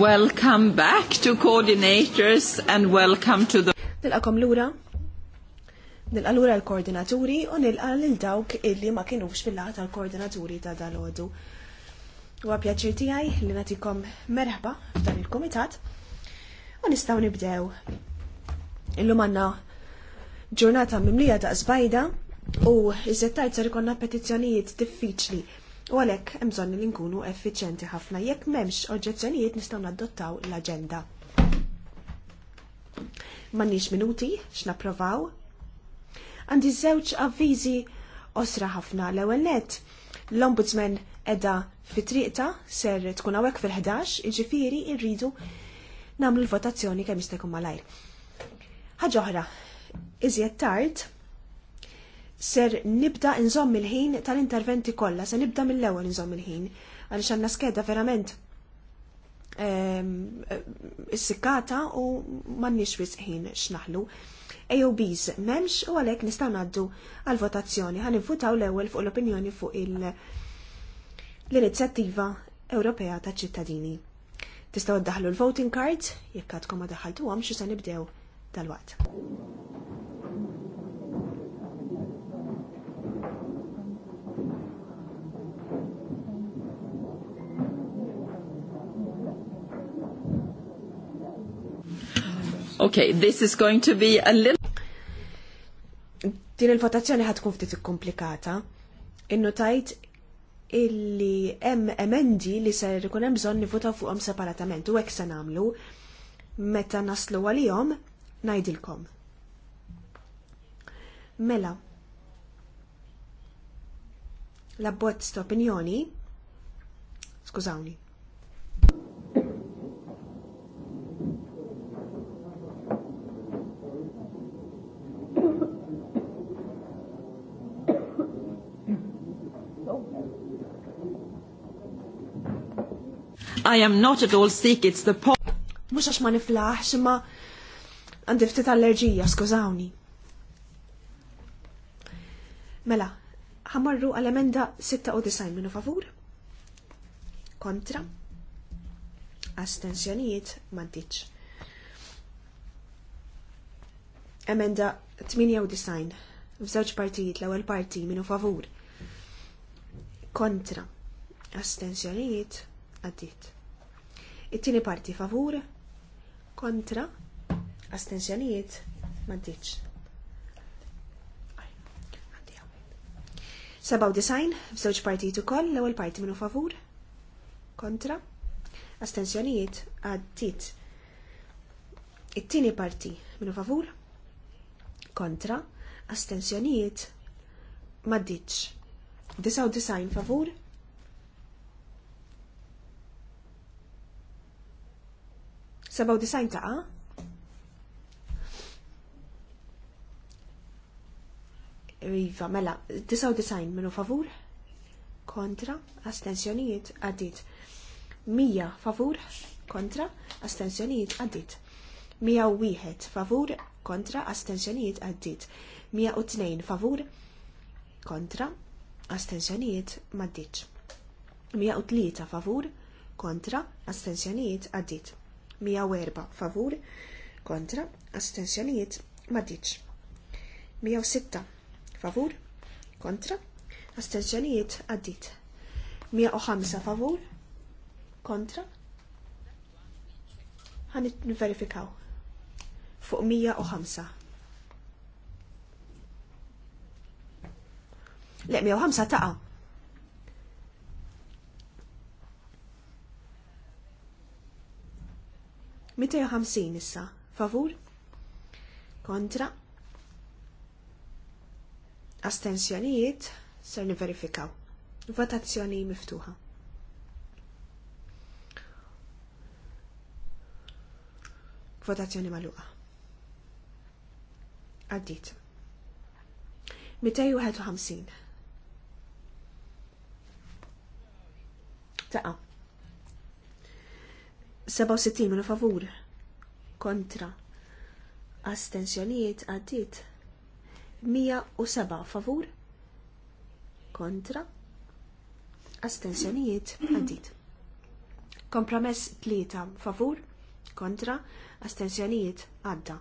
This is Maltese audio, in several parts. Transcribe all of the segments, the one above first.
Welcome back to coordinators and welcome to the... Nilqakom lura. Nilqa lura l-koordinaturi u nilqa lil dawk illi ma kienux fil-laqa tal-koordinaturi ta' dal-ħodu. U għapjaċir tijaj li natikom merħba f'dan il-komitat u nistaw nibdew. Illum għanna ġurnata mimlija ta' zbajda u iżettajt ser ikonna petizzjonijiet diffiċli U għalhekk hemm bżonn li nkunu effiċenti ħafna jekk m'hemmx oġġezzjonijiet nistgħu nadottaw l-aġenda. M'għandniex minuti x'napprovaw. Għandi żewġ avviżi osra ħafna l-ewwel nett l-ombudsman edha fitriqta ser tkun hawnhekk fil-11, jiġifieri rridu nagħmlu l-votazzjoni kemm jista' jkun malajr. Ħaġa oħra, iżjed tard ser nibda nżomm il-ħin tal-interventi kollha, se nibda mill-ewwel nżomm il-ħin għaliex għandna skeda verament ehm, is-sikkata u m'għandniex wisq ħin x'naħlu. AOBs m'hemmx u għalhekk nistgħu ngħaddu għal votazzjoni ħan nivvutaw l-ewwel fuq l-opinjoni fuq l-Inizjattiva Ewropea taċ ċittadini. Tistgħu ddaħlu l-voting cards jekk għadkom ma daħaltuhom xi se nibdew tal-waqt. Okay, this is going to be a little... Din il-votazzjoni ħatkun ftit ikkomplikata. Innotajt illi hemm emendi li se jkun hemm bżonn nivvotaw fuqhom separatament u hekk se nagħmlu meta naslu għalihom ngħidilkom. Mela. La bot ta' opinjoni. Skużawni. I am not at all sick, it's the po. Mux għax ma niflaħx, imma għandi ftit allerġija, skużawni. Mela, ħamarru għal-emenda 96 minu favur? Kontra? Astensjonijiet mantiċ. Emenda 98 f'żewġ partijiet l-ewwel parti minu favur. Kontra. Astensjonijiet għaddiet. It-tieni parti favur kontra astensjonijiet m'għaddiċ. 97 f'żewġ partijiet ukoll l-ewwel parti minnu favur kontra astensjonijiet għaddit. It-tieni parti minnu favur kontra astensjonijiet m'għaddiċ. 99 favur 97 taqa. Iva, mela, 99 minu favur, kontra, astensjonijiet, għaddit. 100 favur, kontra, astensjonijiet, għaddit. 101 favur, kontra, astensjonijiet, għaddit. 102 favur, kontra, astensjonijiet, u 103 favur, kontra, astensjonijiet, għaddit. 104 favur kontra astensjonijiet maddiċ. 106 favur kontra astensjonijiet għaddit. 105 favur kontra ħanit verifikaw fuq 105. Le, 105 taqa' 250 issa. Favur? Kontra? Astensjonijiet? Ser niverifikaw. Votazzjoni miftuħa. Votazzjoni maluqa. Għaddit. 251. Taqa. 67 minu favur kontra astensjonijiet għaddit 107 favur kontra astensjonijiet għaddit kompromess 3 favur kontra astensjonijiet għadda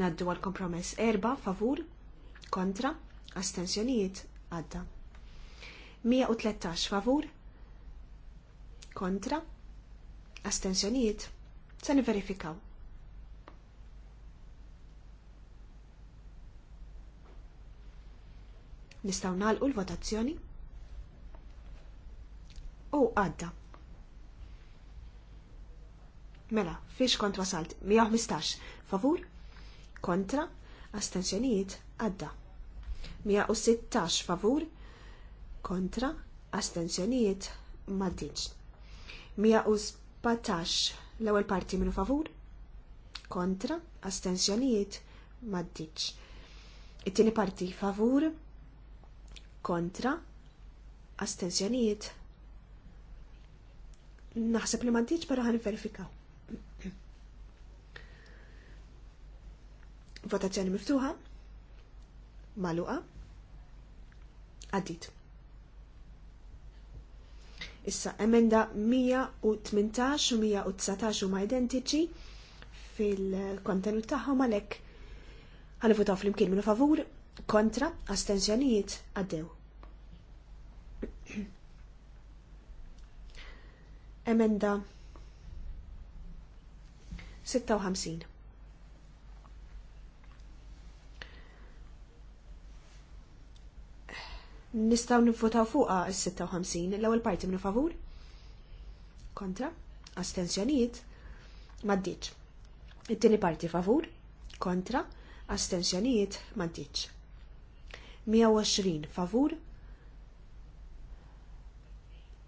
Naddu għal kompromess erba' favur kontra astensjonijiet għadda. 113 favur kontra astensjonijiet se niverifikaw. Nistaw nalqu l-votazzjoni u għadda. Mela, fiex kont wasalt? 115 favur kontra astensjonijiet għadda. 116 favur kontra astenzjonijiet maddiċ. 117 l-ewwel parti minn favur kontra astenzjonijiet maddiċ. It-tieni parti favur kontra astenzjonijiet naħseb li maddiċ pero ħan verifikaw. Votazzjoni miftuħa, maluqa, għaddit. Issa, emenda 118 u 119 huma identiċi fil-kontenut tagħhom għalhekk ħanivutaw flimkien minn favur kontra astensjonijiet għaddew. Emenda 56 Nistaw nivvotaw fuqa il 56 l-ewwel parti minn favur? Kontra? Astensjonijiet? Maddiċ. It-tieni parti favur? Kontra? Astensjonijiet? Maddiċ. 120 favur?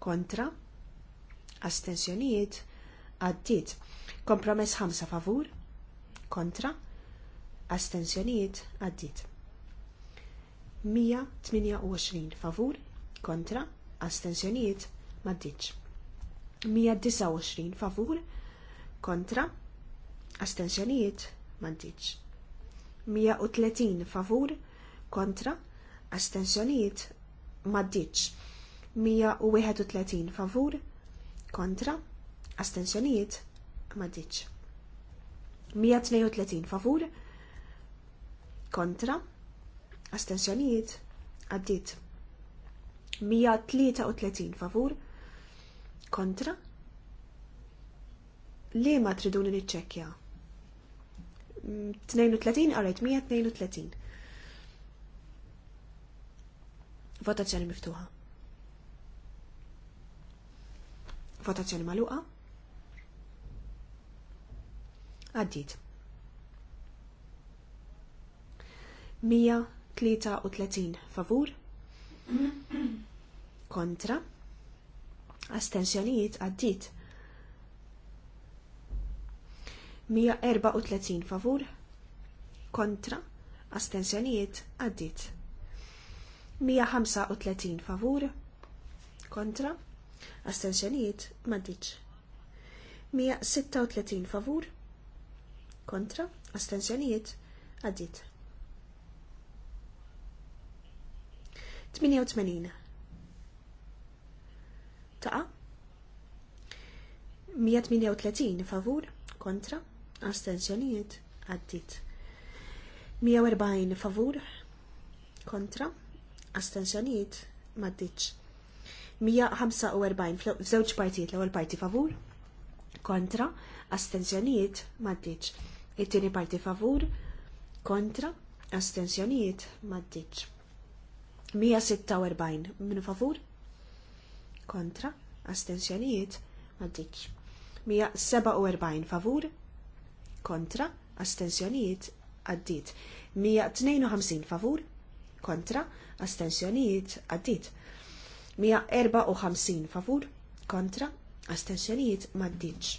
Kontra? Astensjonijiet? Għaddiet. Kompromess 5 favur? Kontra? Astensjonijiet? Għaddiet. 128 favur kontra astensjonijiet maddiċ. 129 favur kontra astensjonijiet maddiċ. 130 favur kontra astensjonijiet maddiċ. 131 favur kontra astensjonijiet maddiċ. 132 favur kontra astensjonijiet għaddit 133 favur kontra li ma triduni niċċekkja 32 mm, għarajt 132 Votazzjoni miftuħa. Votazzjoni maluqa. Għaddit. 33 favur kontra astensjonijiet għaddit 134 favur kontra astensjonijiet għaddit 135 favur kontra astensjonijiet maddiċ 136 favur kontra astensjonijiet għaddit 88. Ta' 138 favur kontra astenzjonijiet għaddit. 140 favur kontra astenzjonijiet maddiċ. 145 f'żewġ partijiet l-ewwel parti favur kontra astenzjonijiet maddiċ. It-tieni parti favur kontra astenzjonijiet maddiċ. 146 minn favur kontra astensjonijiet maddiċ 147 favur kontra astensjonijiet għaddit 152 favur kontra astensjonijiet għaddit 154 favur kontra astensjonijiet maddiċ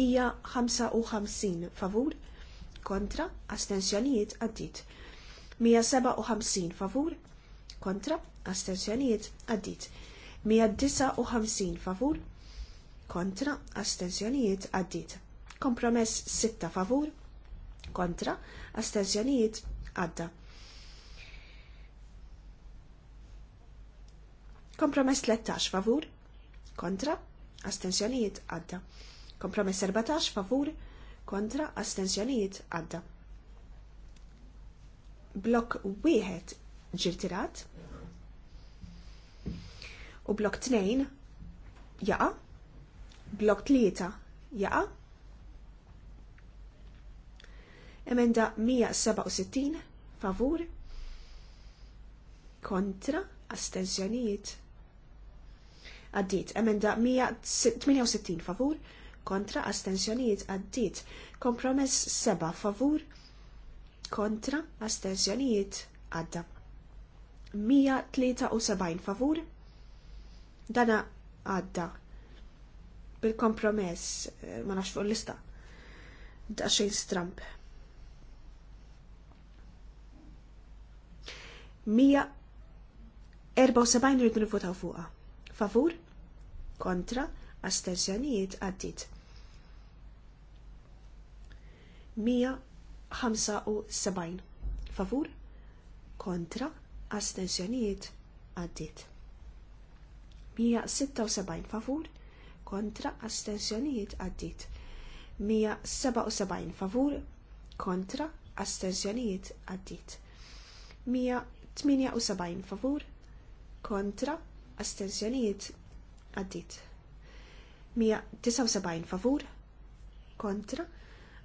155 favur kontra astensjonijiet għaddit 157 favur kontra astensjonijiet għaddit 159 favur kontra astensjonijiet għaddit kompromess 6 favur kontra astensjonijiet għadda kompromess 13 favur kontra astensjonijiet għadda kompromess 14 favur kontra astensjonijiet għadda blok wieħed ġirtirat u blok tnejn jaqa, blok tlieta jaqa. Emenda 167 favur kontra astenzjonijiet. Għaddit, emenda 168 favur kontra astenzjonijiet għaddit. Kompromess 7 favur kontra astenzjonijiet għadda. 173 favur dana għadda bil-kompromess eh, ma nafx fuq l-lista da xejn stramp. 174 rridu nivvotaw fuqha. Favur? Kontra? Astenzjonijiet għaddit. 75 favur kontra astensjoniet għaddit. 176 favur kontra astensjoniet għaddit. 177 favur kontra astensjoniet għaddit. 178 favur kontra astensjoniet għaddit. 179 favur kontra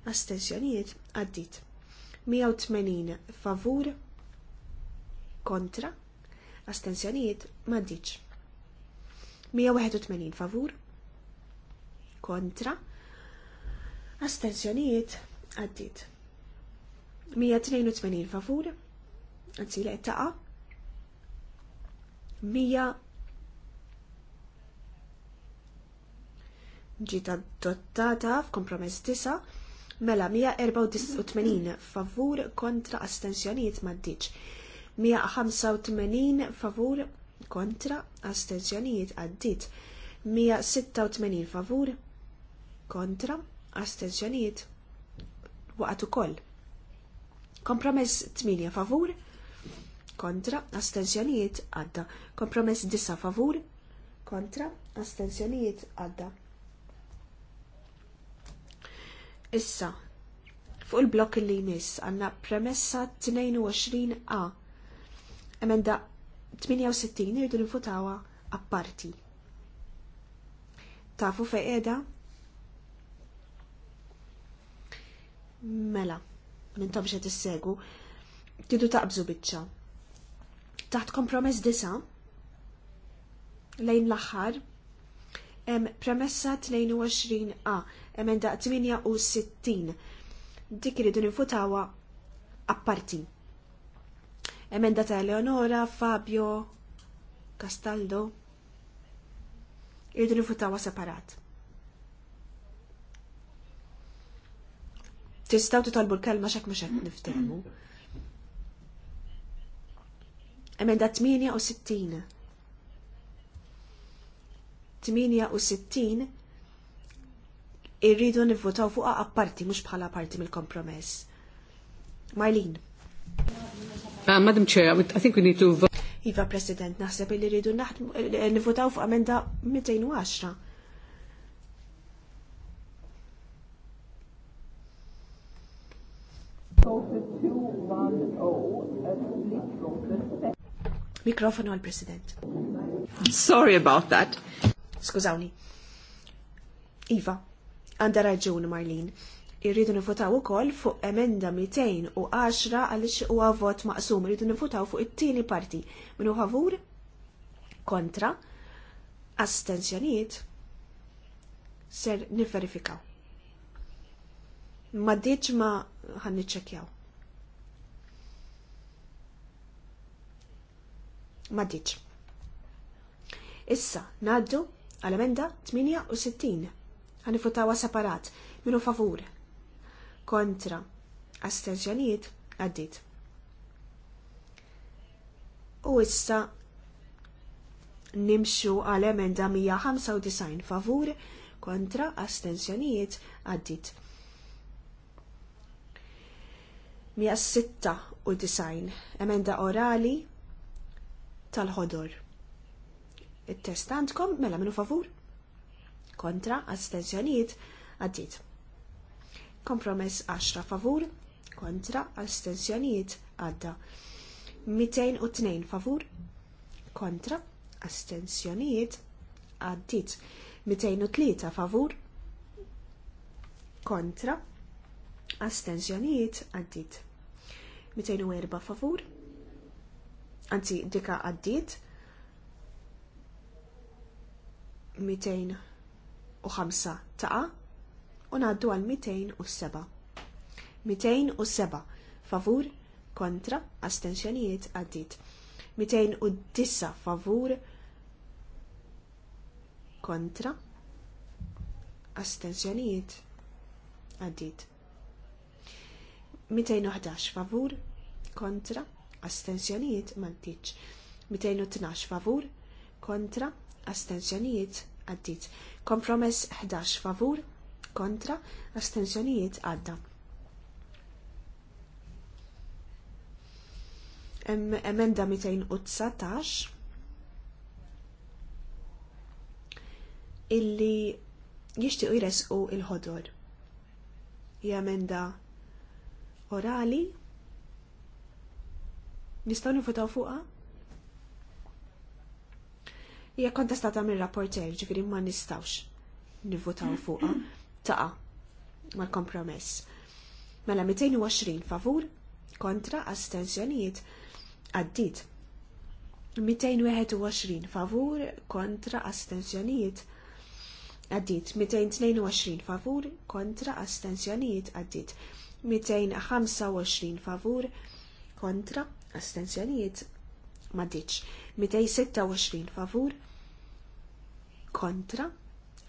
astenzjonijiet għaddit. 180 favur kontra astensjonijiet maddiċ. 181 favur kontra astenzjonijiet għaddit. 182 favur għanzi li taqa 100 ġiet adottata f'kompromess 9 Mela 184 favur kontra astensjonijiet maddiċ. 185 favur kontra astensjonijiet għaddit. 186 favur kontra astensjonijiet waqatu ukoll. Kompromess 8 favur kontra astensjonijiet għadda. Kompromess 9 favur kontra astensjonijiet għadda. Issa, fuq il-blok li jmiss għanna premessa 22a. Emenda 68 irridu nifutawa apparti. Tafu edha? Mela, minn tomxie t-segu, tidu taqbżu bitċa. Taħt kompromess disa, lejn l-axħar, Em premessa 22a, emenda 68. Dik iridu nifutawa apparti. Emenda ta' Leonora, Fabio, Castaldo. Iridu nifutawa separat. Tistaw titolbu l-kelma xek mux qed niftehmu. Emenda 68. 68 irridu nivvotaw fuqha apparti mhux bħala parti mill-kompromess. Marlene. Uh, Madam Chair, I think we need to vote. Iva President, naħseb li rridu eh, nivvotaw fuq amenda 210. Mikrofonu għal-President. Sorry about that skużawni. Iva, għandha raġun Marlin. Irridu nifutaw ukoll fuq emenda 210 għaliex huwa vot maqsum, irridu nifutaw fuq it-tieni parti. Minu favur? Kontra? Astenzjonijiet? Ser niferifikaw. Ma diċ ma ħanniċċekjaw. Ma diċ. Issa, naddu Għal-emenda 68. Għanifutawa separat. Minu favur. Kontra. astenzjoniet għaddit. U issa nimxu għal-emenda 195 favur kontra astenzjoniet għaddit. 196 emenda orali tal-ħodor il testantkom għandkom, mela minu favur. Kontra, astenzjonijiet, għaddit. Kompromess 10 favur, kontra, astenzjonijiet, għadda. 202 favur, kontra, astenzjonijiet, għaddit. 203 favur, kontra, astenzjonijiet, għaddit. 204 favur, anzi dika għaddit, 205 taqa u ngħaddu għal 207. 207 favur kontra astensjonijiet għaddit. 209 favur kontra astensjonijiet għaddit. 211 favur kontra astensjonijiet mantiċ. 212 favur kontra astenzjonijiet għaddit. Kompromess 11 favur kontra astenzjonijiet għadda. emenda 219 illi jishtiqu jresqu il-ħodor. Hija emenda orali nistgħu nifutaw fuqha? hija kontestata mir-rapporter, ġifiri ma nistawx nivvotaw fuqha. Taqa' mal-kompromess. Mela 220 favur kontra astensjonijiet għaddit. 221 favur kontra astensjonijiet għaddit. 222 favur kontra astensjonijiet għaddit. 225 favur kontra astensjonijiet ma ditx. 226 favur kontra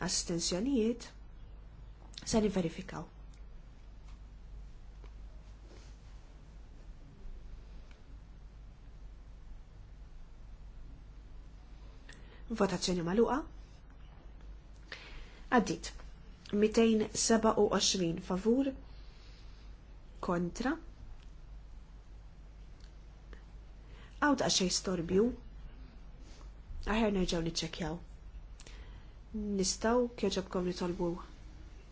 astensjonijiet se verifikaw. Votazzjoni maluqa. Għaddit. 227 favur kontra għaw da' xej storbju. Aħer nerġaw niċċekjaw. Nistaw kjoġobkom nitolbu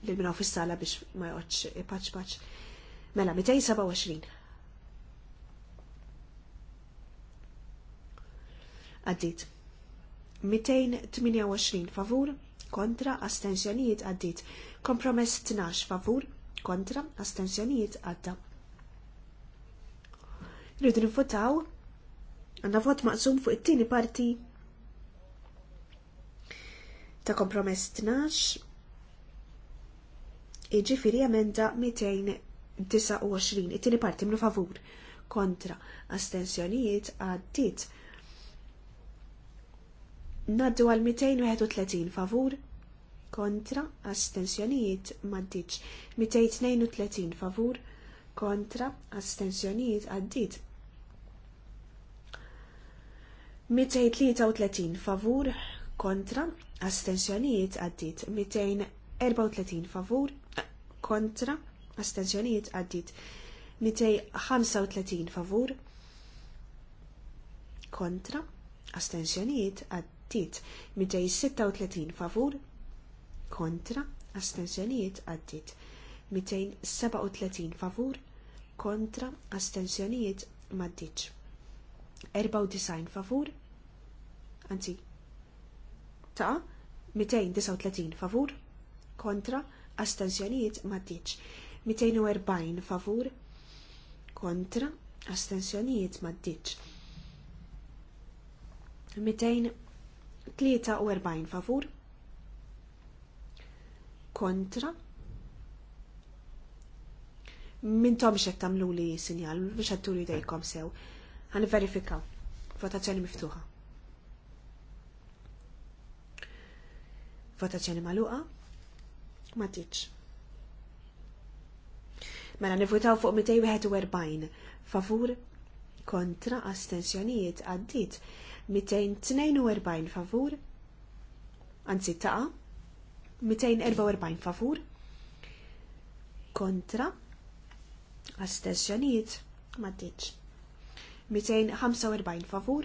li minnaw fis-sala biex ma joqgħodx ipaċ paċ. Mela 227. Għaddit. 228 favur kontra astensjonijiet għaddit. Kompromess 12 favur kontra astensjonijiet għadda. Rridu nifutaw Għanna vot maqsum fuq it-tieni parti ta' kompromess 12 iġifiri emenda 229 it-tieni parti minn favur kontra astensjonijiet għaddit Naddu għal 231 favur kontra astensjonijiet maddiċ 232 favur kontra astensjonijiet għaddit 233 favur kontra astensjonijiet għaddit 234 eh, favur kontra astensjonijiet għaddit 235 favur kontra astensjonijiet għaddit 236 favur kontra astensjonijiet għaddit 237 favur kontra astensjonijiet maddiċ 94 favur anzi, ta' 239 favur, kontra, astensjonijiet maddiċ. 240 favur, kontra, astensjonijiet maddiċ. 243 favur, kontra, Min tom xed tamlu li sinjal, biex għatturi dejkom sew. Għan verifikaw. Votazzjoni miftuħa. Votazzjoni maluqa? Ma tiċ. Mela nivvutaw fuq 241 favur kontra astensjonijiet għaddit 242 favur anzi taqa 244 favur kontra astensjonijiet ma 245 favur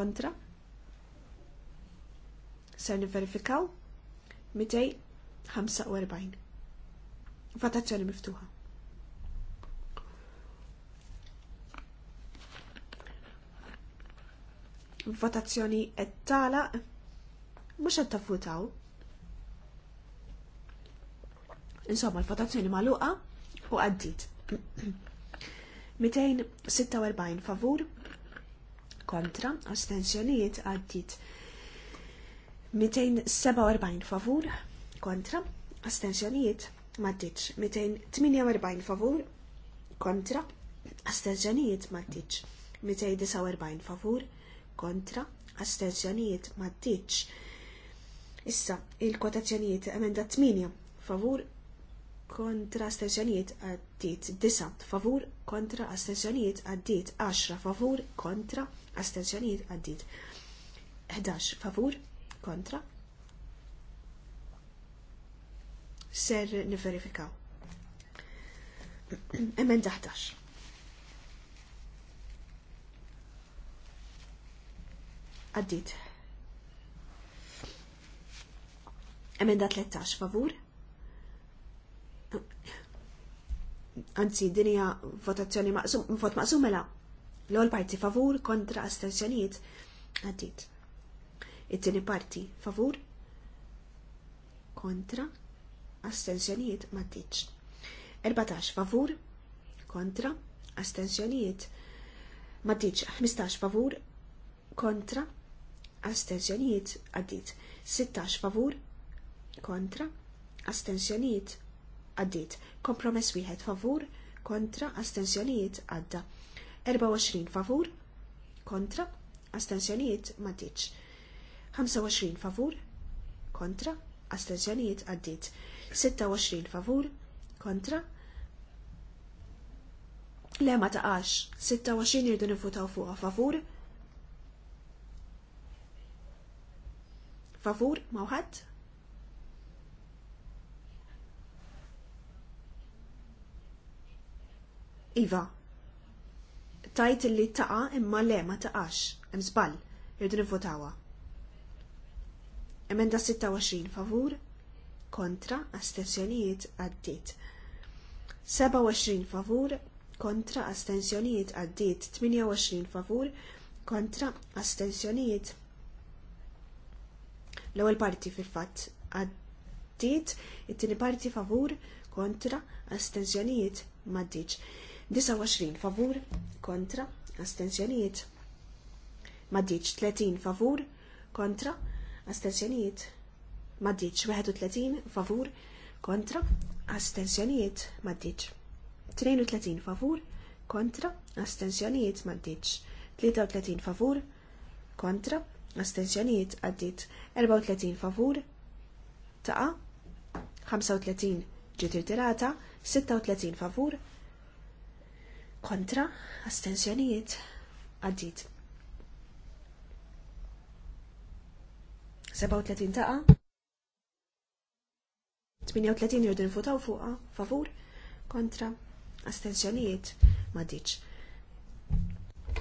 kontra Ser niverifikaw 245. Votazzjoni miftuħa. Votazzjoni qed tagħlaq mhux qed tafutaw. Insomma, l-votazzjoni magħluqa u għaddit. 246 favur kontra astensjonijiet għaddit 247 favur kontra astenzjonijiet maddiċ 248 favur kontra astenzjonijiet maddiċ 249 favur kontra astenzjonijiet maddiċ issa il-kotazzjonijiet emenda 8 favur kontra astenzjonijiet għaddit 9 favur kontra astenzjonijiet għaddit 10 favur kontra astenzjonijiet għaddit 11 favur kontra. Ser niverifikaw. Emen daħtax. Għaddit. Emenda 13, favur. Anzi, dinija votazzjoni maqsum, vot maqsum mela. L-ol parti favur kontra astensjoniet. Għaddit It-tieni parti favur kontra astensjonijiet ma tiċ. 14 favur kontra astensjonijiet ma tiċ. 15 favur kontra astensjonijiet għaddit. 16 favur kontra astensjonijiet għaddit. Kompromess wieħed favur kontra astensjonijiet għadda. 24 favur kontra astensjonijiet ma tiċ. 25 favur kontra astenzjonijiet għaddit 26 favur kontra le ma taqax 26 jirdu nifutaw fuqa favur favur uħad Iva, tajt li taqa imma le ma taqax, imżbal, jirdu nifutawa. Emenda 26 favur kontra astensjonijiet għaddit. 27 favur kontra astensjonijiet għaddit. 28 favur kontra astensjonijiet. L-ewwel parti fil fat għaddit, it-tieni parti favur kontra astensjonijiet maddiċ. 29 favur kontra astensjonijiet maddiċ. 30 favur kontra astensjonijiet astensjonijiet maddiċ 31 favur kontra astensjonijiet maddiċ 32 favur kontra astensjonijiet maddiċ 33 favur kontra astensjonijiet għaddit 34 favur taqa 35 ġiet tirata 36 favur kontra astensjonijiet għaddit 37 taqa. 38 jirdu nfutaw fuqa, favur, kontra, astenzjonijiet, maddiċ.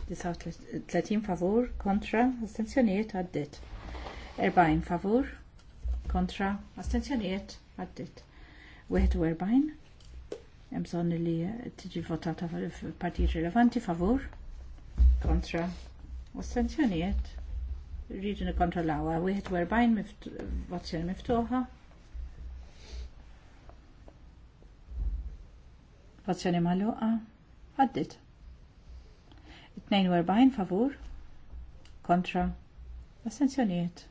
39 favur, kontra, astenzjonijiet, għaddit. 40 favur, kontra, astenzjonijiet, għaddit. 41, jemżon li tiġi votata partijiet rilevanti, favur, kontra, astenzjonijiet, rridu nikontrollawha. Wieħed werbajn votazzjoni miftuħa. Votazzjoni magħluqa. Għaddit. 42 favur kontra astenzjonijiet.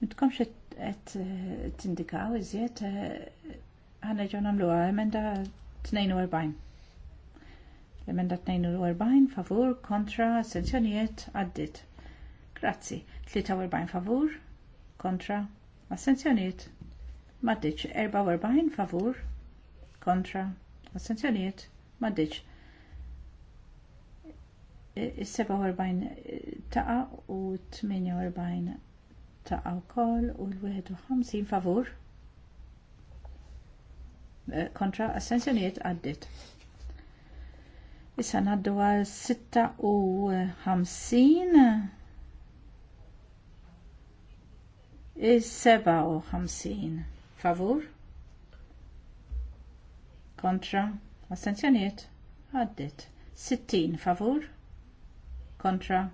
Mitkomx qed eh, tindikaw iżjed eh, ħana ġew nagħmluha emenda 42. L-emenda 42 favur kontra astenzjonijiet għaddit. Grazzi. 43 favur kontra assenzjoniet. Maddiċ 44 favur kontra assenzjoniet. Maddiċ. Is-47 e, taqa u 48 taqa kol u l-51 favur e, kontra assenzjoniet għaddit. Issa naddu għal 56 57 favur kontra astenzjoniet għaddit 60 favur kontra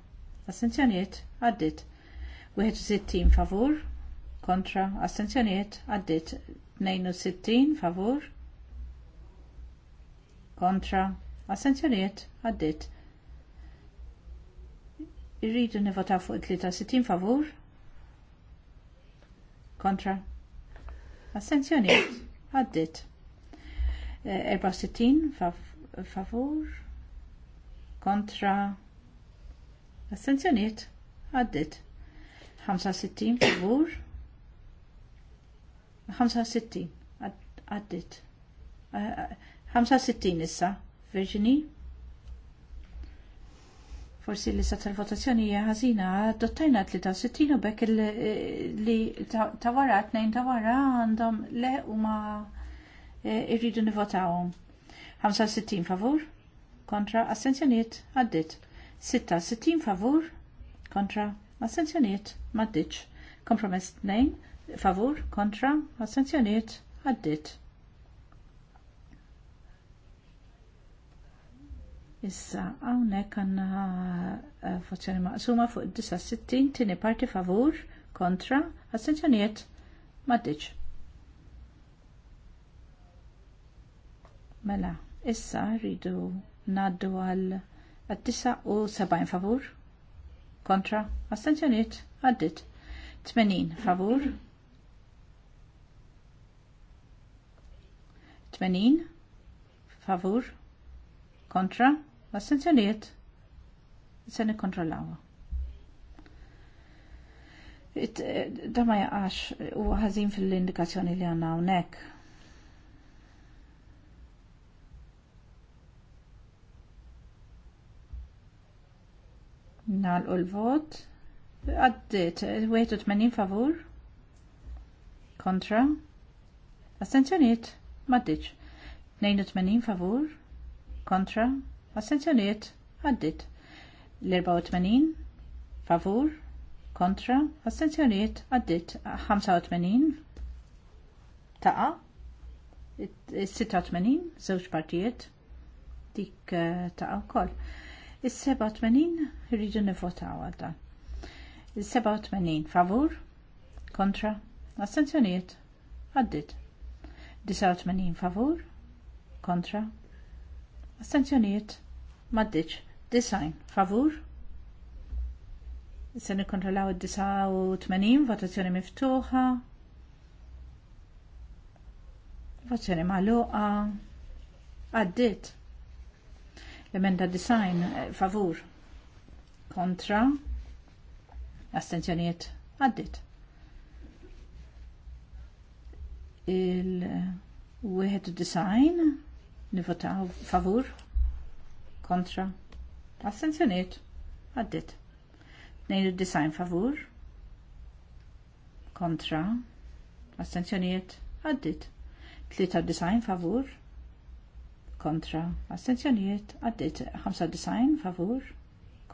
astenzjoniet għaddit 61 favur kontra astenzjoniet għaddit 62 favur kontra astenzjoniet għaddit irridu nivotaw fuq il 63 favur kontra assenzjoniet għaddit 64 eh, favur kontra assenzjoniet għaddit 65 favur 65 għaddit 65 eh, eh, issa Virginie forsi li sa tal-votazzjoni hija ħażina adottajna 63 u bekk eh, li ta' wara tnejn ta' wara għandhom le huma ma eh, irridu nivotawhom. 65 favur kontra assenzjonijiet għaddit. 66 favur kontra assenzjonijiet m'għaddiċ. Kompromess 2 favur kontra assenzjonijiet għaddit. Issa, għawnek għanna fazzjoni eh, maqsuma fuq 69 tini parti favur kontra astenzjonijiet maddiċ. Mela, issa rridu naddu għal 79 favur kontra astenzjonijiet għaddit 80 favur 80 favur kontra Assenzjonijiet se nikkontrollawha. Da ma jaqax u ħażin fil-indikazzjoni li għandna Nal u l-vot. Għaddit, 81 favur. Kontra. Astenzjoniet, maddiċ. 82 favur. Kontra. Assenzjoniet għaddit. L-84 favur kontra assenzjoniet għaddit 85 taqa 86 zewġ partijiet dik eh, taqa wkoll. Is-87 rridu nivvotaw għal dan. 87 favur kontra assenzjoniet għaddit. 89 favur kontra assenzjoniet, għaddit maddiċ. Design, favur. Se nikontrollaw id-89, votazzjoni miftuħa. Votazzjoni magħluqa. Għaddit. L-emenda design, eh, favur. Kontra. astenzjoniet Għaddit. Il-wieħed design, nivotaw favur kontra, assenzjoniet, għaddit. design favur, kontra, assenzjoniet, għaddit. design favur, kontra, assenzjoniet, għaddit. design favur,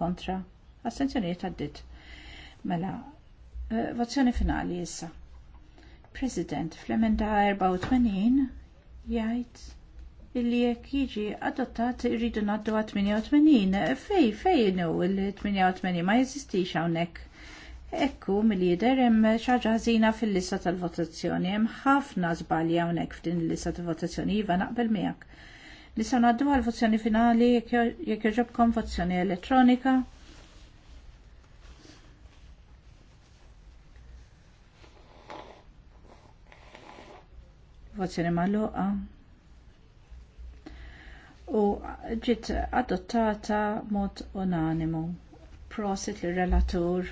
kontra, assenzjoniet, għaddit. Mela, eh, votazzjoni finali issa. President, Flemenda emenda 84 jgħid illi jekk jiġi adottat irridu naddu għat 88 e, fej fej nu il-88 ma jeżistix hawnhekk. Ekku mill-jider hemm xaġa ħażina fil-lista tal-votazzjoni, hemm ħafna żbalji hawnhekk f'din il-lista tal-votazzjoni iva naqbel miegħek. Nistgħu ngħaddu għal votazzjoni finali jekk joġobkom votazzjoni elettronika. Votazzjoni magħluqa u ġiet adottata mod unanimu. Prosit li relatur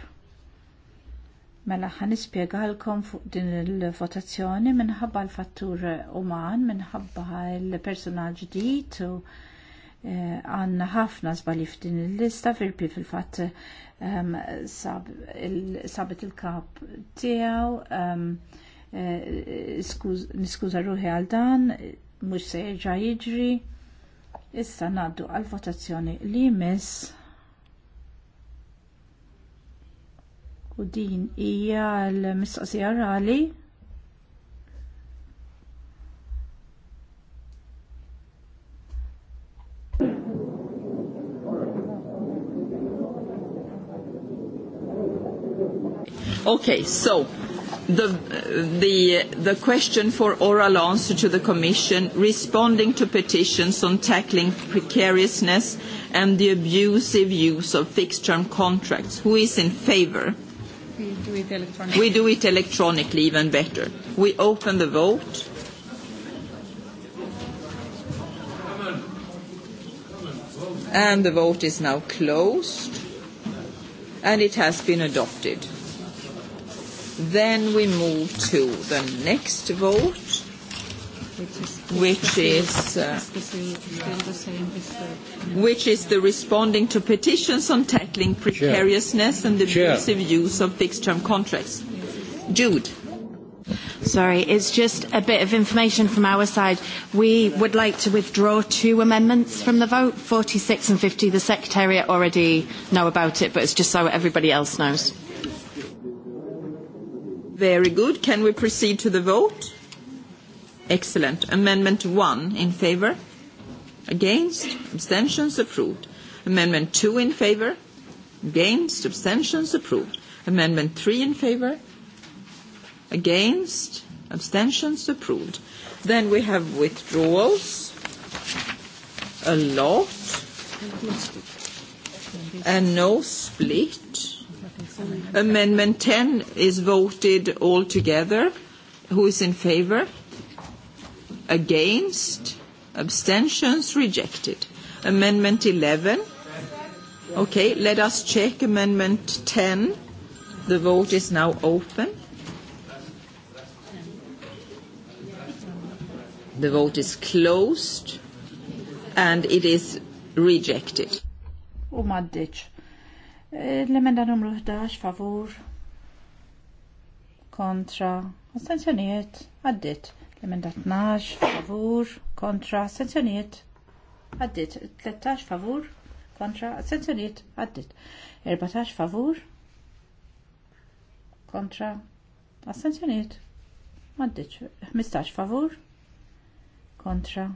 mela ħan ispjegalkom fuq din il-votazzjoni minħabba l-fattur uman, minħabba l-personal ġdid u eh, għanna ħafna zbali f'din il-lista firpi fil-fat ehm, sabit sabet il-kap tijaw ehm, eh, niskuza ruħi għal dan mux se jirġa jiġri Issa naddu għal votazzjoni li jmiss u din hija l-mistoqsija Rali. Okay, so the, the, the question for oral answer to the Commission, responding to petitions on tackling precariousness and the abusive use of fixed-term contracts. Who is in favour? We do it electronically. We do it electronically, even better. We open the vote. And the vote is now closed. And it has been adopted. Then we move to the next vote, which is uh, which is the responding to petitions on tackling precariousness and the abusive use of fixed-term contracts. Jude. Sorry, it's just a bit of information from our side. We would like to withdraw two amendments from the vote, 46 and 50. The Secretariat already know about it, but it's just so everybody else knows. Very good. Can we proceed to the vote? Excellent. Amendment 1 in favor? Against? Abstentions approved. Amendment 2 in favor? Against? Abstentions approved. Amendment 3 in favor? Against? Abstentions approved. Then we have withdrawals. A lot. And no split. Amendment 10 is voted all together. Who is in favor? Against? Abstentions? Rejected. Amendment 11. Okay, let us check Amendment 10. The vote is now open. The vote is closed and it is rejected. my ditch. L-emenda numru 11 favur kontra astenzjoniet għaddit. L-emenda 12 favur kontra astenzjoniet għaddit. 13 favur kontra astenzjoniet għaddit. 14 favur kontra astenzjoniet għaddit. 15 favur kontra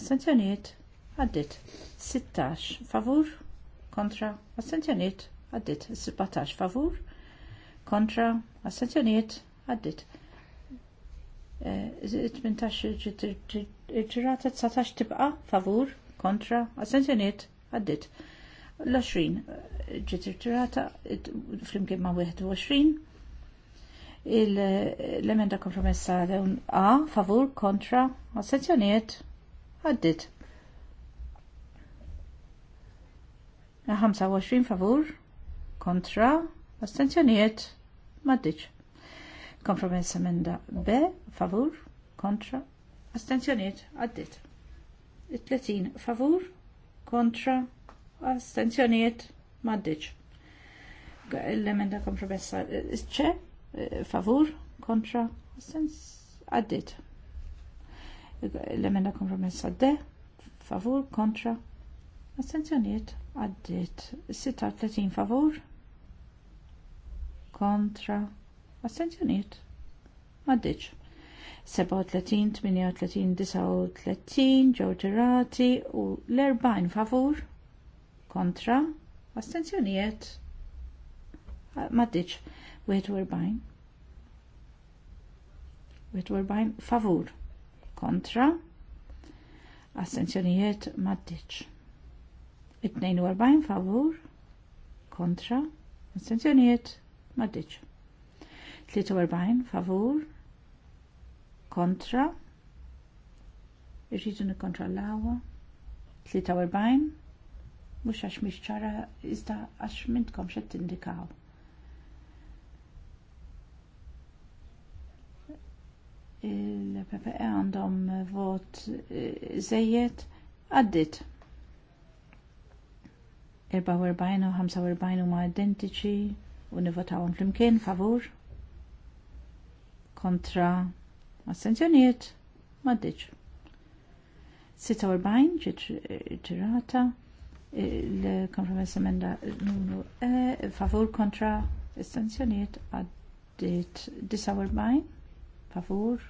astenzjoniet għaddit. 16 favur kontra assenzjoniet għaddit 17 favur kontra assenzjoniet għaddit 18 ġirata 19 tibqa favur kontra assenzjoniet għaddit l-20 ġiet irtirata flimkien ma' 21 il emenda kompromessa l-1 A favur kontra assenzjoniet għaddit 25 favur kontra astenzjonijiet maddiċ. Kompromess emenda B favur kontra astenzjonijiet għaddit. 30 favur kontra astenzjonijiet maddiċ. L-emenda kompromessa eh, C eh, favur kontra astenzjonijiet għaddit l-emenda kompromessa d favur kontra astenzjoniet għaddit 36 favur kontra astenzjoniet għaddit 37, 38, 39 ġew tirati u l-40 favur kontra astenzjoniet maddiċ 41 41 favur kontra astenzjonijiet maddiċ 42 favur kontra astenzjonijiet maddiċ 43 favur kontra irridu nikkontrollawha 43 mhux għax mhix ċara iżda għax minnkom xed tindikaw. Il-PPE għandhom vot eh, zejiet għaddit. 44 u 45 huma identiċi u nivotawhom flimkien favur kontra assenzjonijiet m'għaddiġ. 46 ġiet tirata il-kompromess emenda numru E favur kontra astenzjonijiet għaddit 49 favur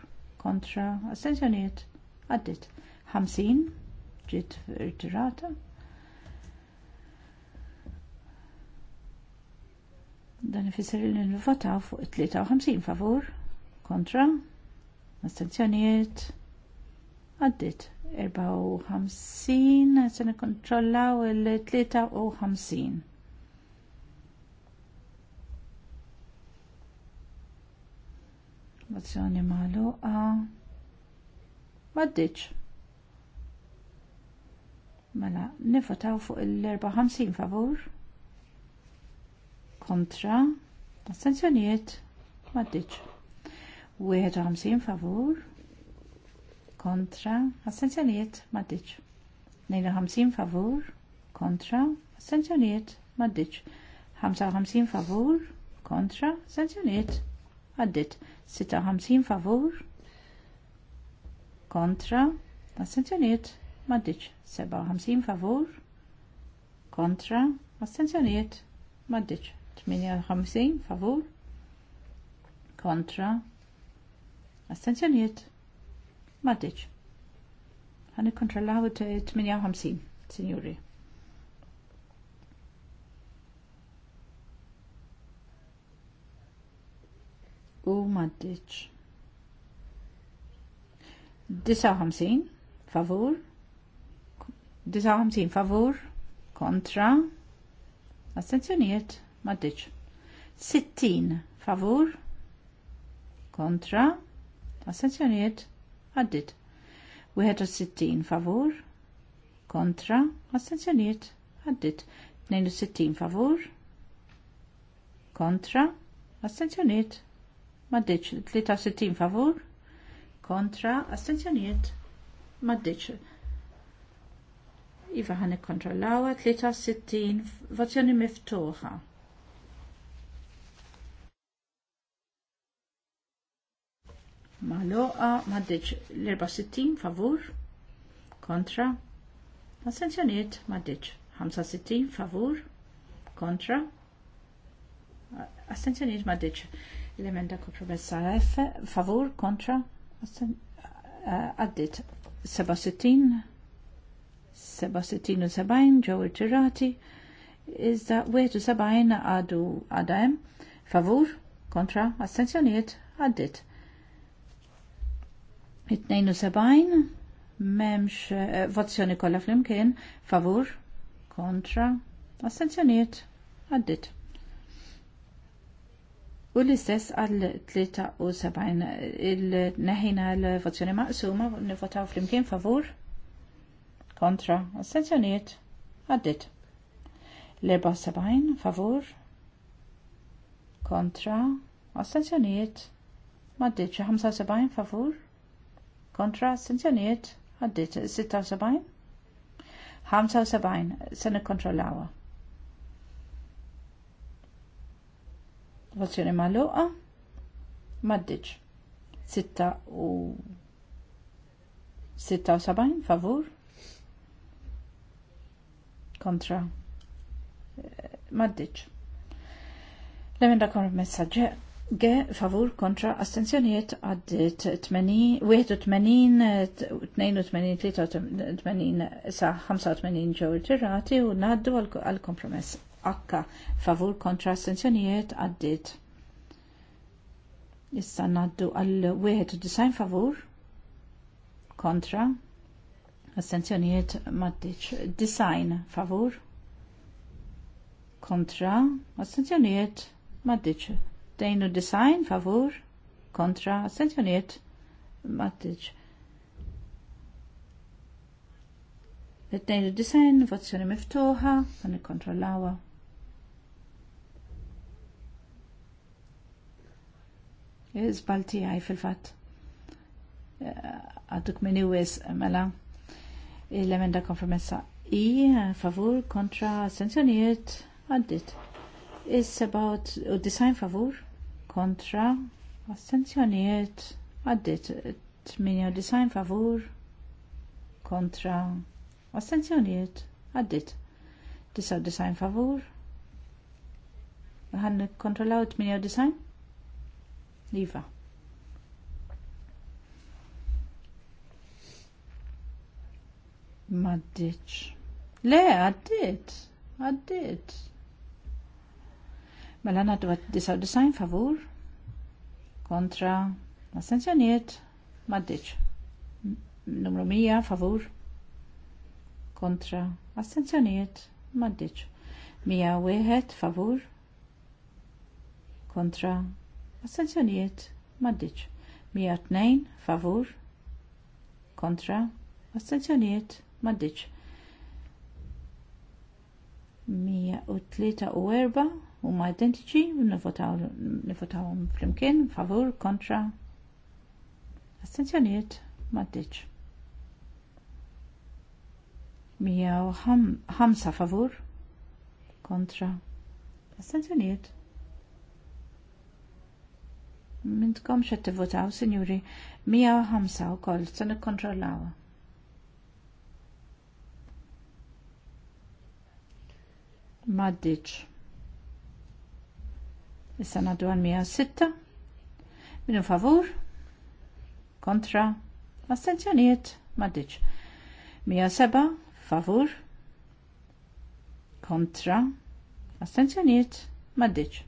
kontra astenzjonijiet għaddit 50 ġiet tirata Dan ifisser li nivvotaw fuq 53 favur kontra astenzjonijiet għaddit 54 se nikkontrollaw il-53. Votazzjoni magħluqa m'għaddiċ. Mela, nifotaw fuq il-54 favur kontra astenzjonijiet maddiċ 51 favur kontra astenzjonijiet maddiċ 52 favur kontra astenzjonijiet maddiċ 55 favur kontra astenzjonijiet għaddit 56 favur kontra astenzjonijiet maddiċ 57 favur kontra astenzjonijiet maddiċ 58 favur kontra astenzjoniet maddiċ ħan ikkontrollaw 58 sinjuri u maddiċ 59 favur 59 favur kontra astenzjonijiet maddiċ. 60 favur kontra assenzjonijiet għaddit. 61 favur kontra assenzjonijiet għaddit. 62 favur kontra assenzjonijiet maddiċ. 63 favur kontra assenzjonijiet maddiċ. Iva ħanek kontrollawa 63 vazzjoni miftuħa. Maloqa, maddeċ l-64 favur kontra. Assenzjoniet maddeċ 65 favur kontra. Assenzjoniet maddeċ l-emenda kompromessa F favur kontra. Għaddit 67 67 u 70 ġew irtirati iżda 71 għadu għadajem favur kontra astenzjonijiet għaddit 72 memx eh, vozzjoni kolla flimkien favur kontra astenzjoniet għaddit. U l-istess għal 73 il-neħina l-vozzjoni maqsuma nivotaw flimkien favur kontra astenzjoniet għaddit. L-74 favur kontra astenzjoniet maddiċ 75 favur kontra astenzjonijiet għaddit 76 75 se nikkontrollawha. maluqa maddiċ 6 u 76 favur kontra eh, maddiċ L-emenda kon messaġġer Ge favur kontra astenzjoniet għaddit 81-83 sa 85 ġew tirati u naddu għal kompromess. Akka favur kontra astenzjoniet għaddit. Issa naddu għal 91 favur kontra astenzjoniet maddiċ. Design favur kontra astenzjoniet maddiċ Dejnu design favur kontra astenzjoniet mattiġ. Dejnu design votazzjoni miftuħa għan ikkontrollawa. Zbalti għaj fil-fat. Għadduk minni wis mela l-emenda konfermessa i favur kontra astenzjoniet għaddit. Is about u design favur kontra astenzjonijiet għaddit 98 favur kontra astenzjonijiet għaddit 99 favur ħan kontrollaw 98 iva maddiċ le għaddit għaddit Mela naddu għat 99 favur kontra l-assenzjoniet maddiċ. Numru 100 favur kontra assenzjoniet maddiċ. 101 favur kontra assenzjoniet maddiċ. 102 favur kontra assenzjoniet maddiċ. 103 u 4 huma identiċi nivotawhom flimkien favur kontra astenzjonijiet m'għaddiċ. Mija ħamsa favur kontra astenzjonijiet. Mintkom xed tivvotaw, sinjuri, 105 wkoll se nikkontrollawha. Maddiċ. Issa naddu għal 106. Minu favur? Kontra? Astenzjoniet? Maddiċ. 107. Favur? Kontra? Astenzjoniet? Maddiċ.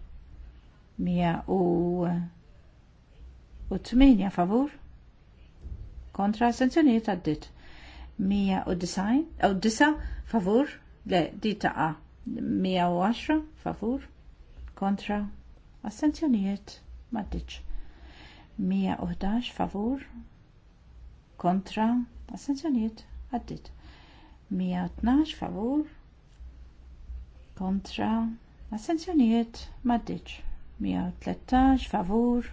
108 favur? Kontra? Astenzjoniet? Addit. 109 favur? Le, di taqa. 110 favur? Kontra? Assenzjonijiet maddiċ. 111 favur kontra assenzjonijiet għaddit. 112 favur kontra assenzjonijiet maddiċ. 113 favur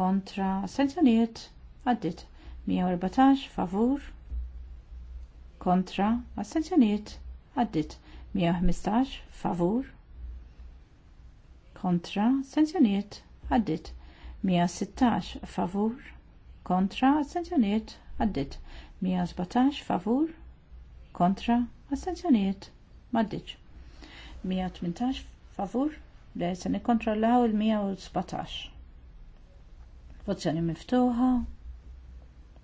kontra assenzjonijiet għaddit. 114 favur kontra assenzjonijiet għaddit. 115 favur kontra sanzjoniet għaddit 116 favur kontra sanzjoniet għaddit 117 favur kontra sanzjoniet maddiċ 118 favur li se nikkontrollaw il-117 vozzjoni miftuħa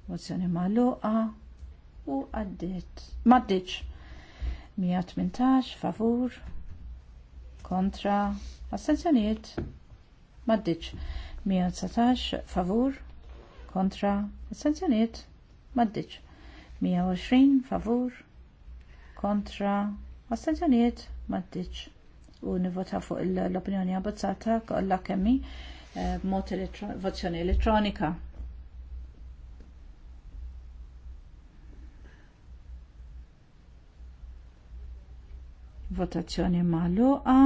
vozzjoni magħluqa u għaddit maddiċ 118 favur kontra astenzjoniet maddiċ 119 favur kontra astenzjoniet maddiċ 120 favur kontra astenzjoniet maddiċ u nivota fuq l-opinjoni abbozzata kolla kemmi eh, b'mod votazzjoni elettronika. votazzjoni maluqa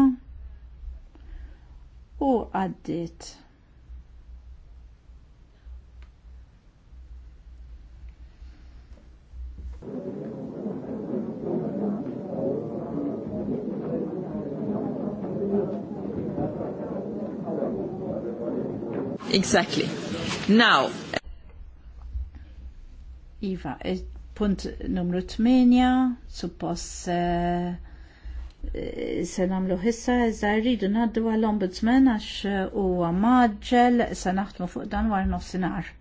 u għaddit. Exactly. Now. Iva, eh, punt numru 8, suppos uh, eh, se namlu hissa iżda rridu naddu għall-ombudsman għax uh, huwa maġġel se naħdmu fuq dan war nofsinhar.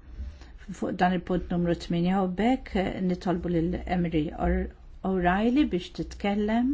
Fuq dan il-punt numru 8 u bekk eh, nitolbu lill emri O'Reilly biex titkellem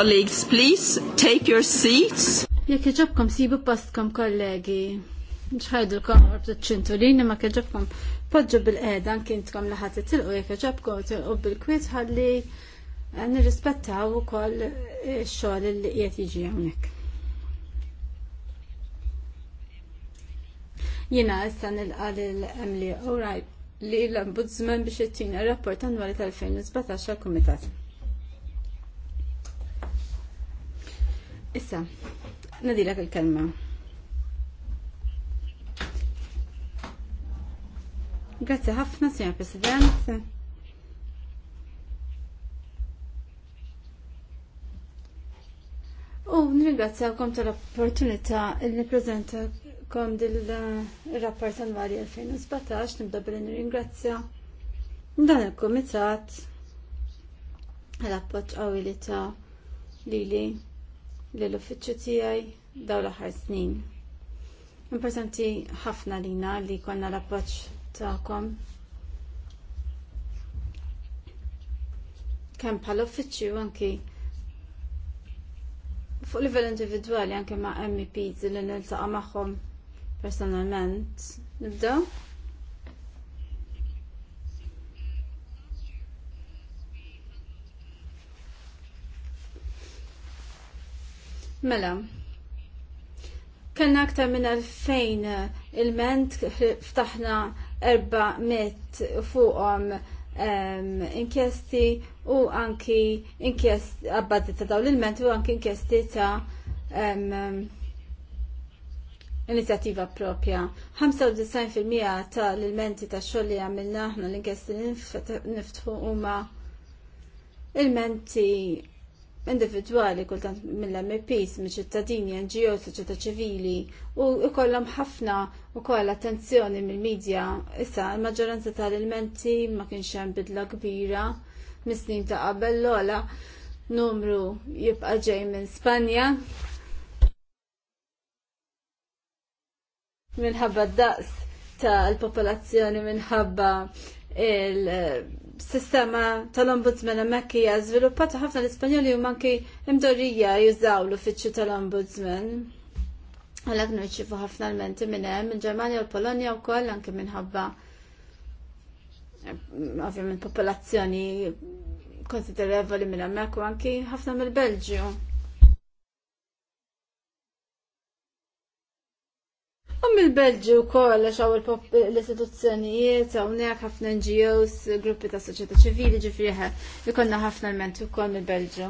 colleagues, please take your seats. Jekk iġobkom sibu postkom kollegi. Nċħajdulkom għarbtu ċinturini ma kħeġobkom podġu bil-qeda nkintkom laħat tilqu jekk iġobkom tilqu bil-kwiet ħalli eh, nirrispettaw u koll xogħol li qiegħed jiġi hawnhekk. Jiena issa nilqa' l-Emily O'Reilly li l-Ombudsman biex ittina rapport annwali tal-2017 għal-Kumitat. Issa, nadilek il-kelma. Grazie ħafna, signor President. U nirringrazzjakom tal-opportunità li kom dil-rapport eh, annwali 2017, nibda li nirringrazzja dan il-Komitat għal-appoġġ għawilita li lili. Li l-uffiċċju tiegħi dawn l-aħħar snin. Importanti ħafna lina li konna l-appoġġ tagħkom. Kemm bħal uffiċċju anki fuq livell individwali anke ma' MEPs li niltaqa' magħhom personalment. Nibdew? Mela, kanna aktar minn għalfejn il-ment ftaħna 400 fuqhom inkjesti u anki inkjesti abbadi ta' dawl il-ment u anki inkjesti ta' inizjativa propja. 95% ta' l-menti ta' xogħol għamilna aħna l-inkjesti li niftħu huma il-menti individwali kultant mill-MPs, minn ċittadini, NGO, soċjetà ċivili u ikollhom ħafna ukoll attenzjoni mill-medja. Issa l-maġġoranza tal-elementi ma kienx hemm bidla kbira mis-snin ta' qabel l-ola numru jibqa' ġej minn Spanja. Minħabba d-daqs tal-popolazzjoni minħabba il- sistema tal-ombudsman hemmhekk hija żviluppata ħafna l-Ispanjoli u manki imdorrija jużaw l-uffiċċju tal-ombudsman. Għalhekk nirċievu ħafna l-menti minn hemm, il-Ġermanja u l-Polonja wkoll anke minħabba ovvjament popolazzjoni konsiderevoli minn emmek u anki ħafna mill-Belġju. Um mill-Belġu wkoll għax xaw l-istituzzjonijiet hawnhekk ħafna NGOs, gruppi ta' soċjetà ċivili ġifieri ikonna ħafna elementi wkoll mill-Belġu.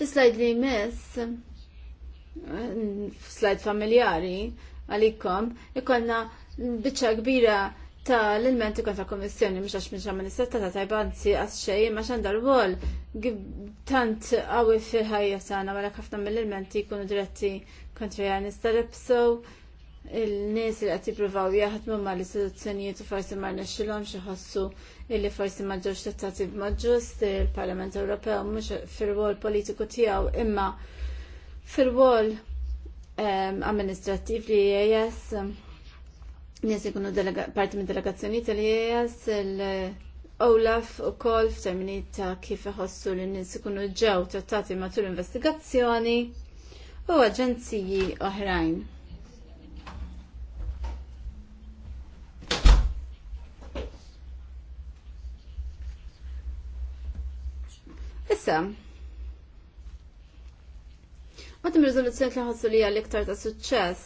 Fi slajd li jmiss, slide familjari għalikom, ikonna bicċa kbira ta' l-elementi ta' kommissjoni, mux għax minx amministrata ta' tajbanzi għasċej, xej, ma xandar wol, tant għawi fil-ħajja sana, għalek ħafna mill ilmenti jkunu diretti kontra Janis Tarepsow, il-nies li qed jippruvaw jaħdmu mal-istituzzjonijiet u forsi ma rnexxilhom xi illi forsi ma ġewx trattati ma'ġġust il-Parlament Ewropew mhux fir wol politiku tiegħu imma fil wol ehm, amministrativ li jes nis ikunu parti minn delegazzjonijiet tal e jes il-Olaf u kol f'termini ta' kif iħossu li nis nies ikunu ġew trattati matul investigazzjoni u aġenziji oħrajn. Issa, Għatim rizoluzzjoni li ħassu li għal-iktar ta' suċċess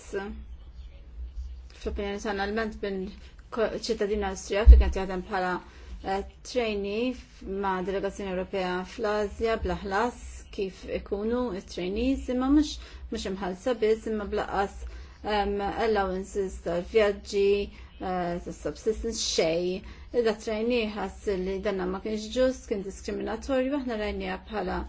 fl-opinjoni ta' l-ment minn ċittadina Austrija fi kien jaħdem bħala eh, trainee ma' delegazzjoni Ewropea fl-Azja bla ħlas kif ikunu it-trainees imma mhux mhux imħallsa biss imma blaqas um, allowances tal-vjaġġi uh, subsistence xej. Ida trainee ħass li danna ma kienx ġust, kien diskriminatorju, aħna rajnija bħala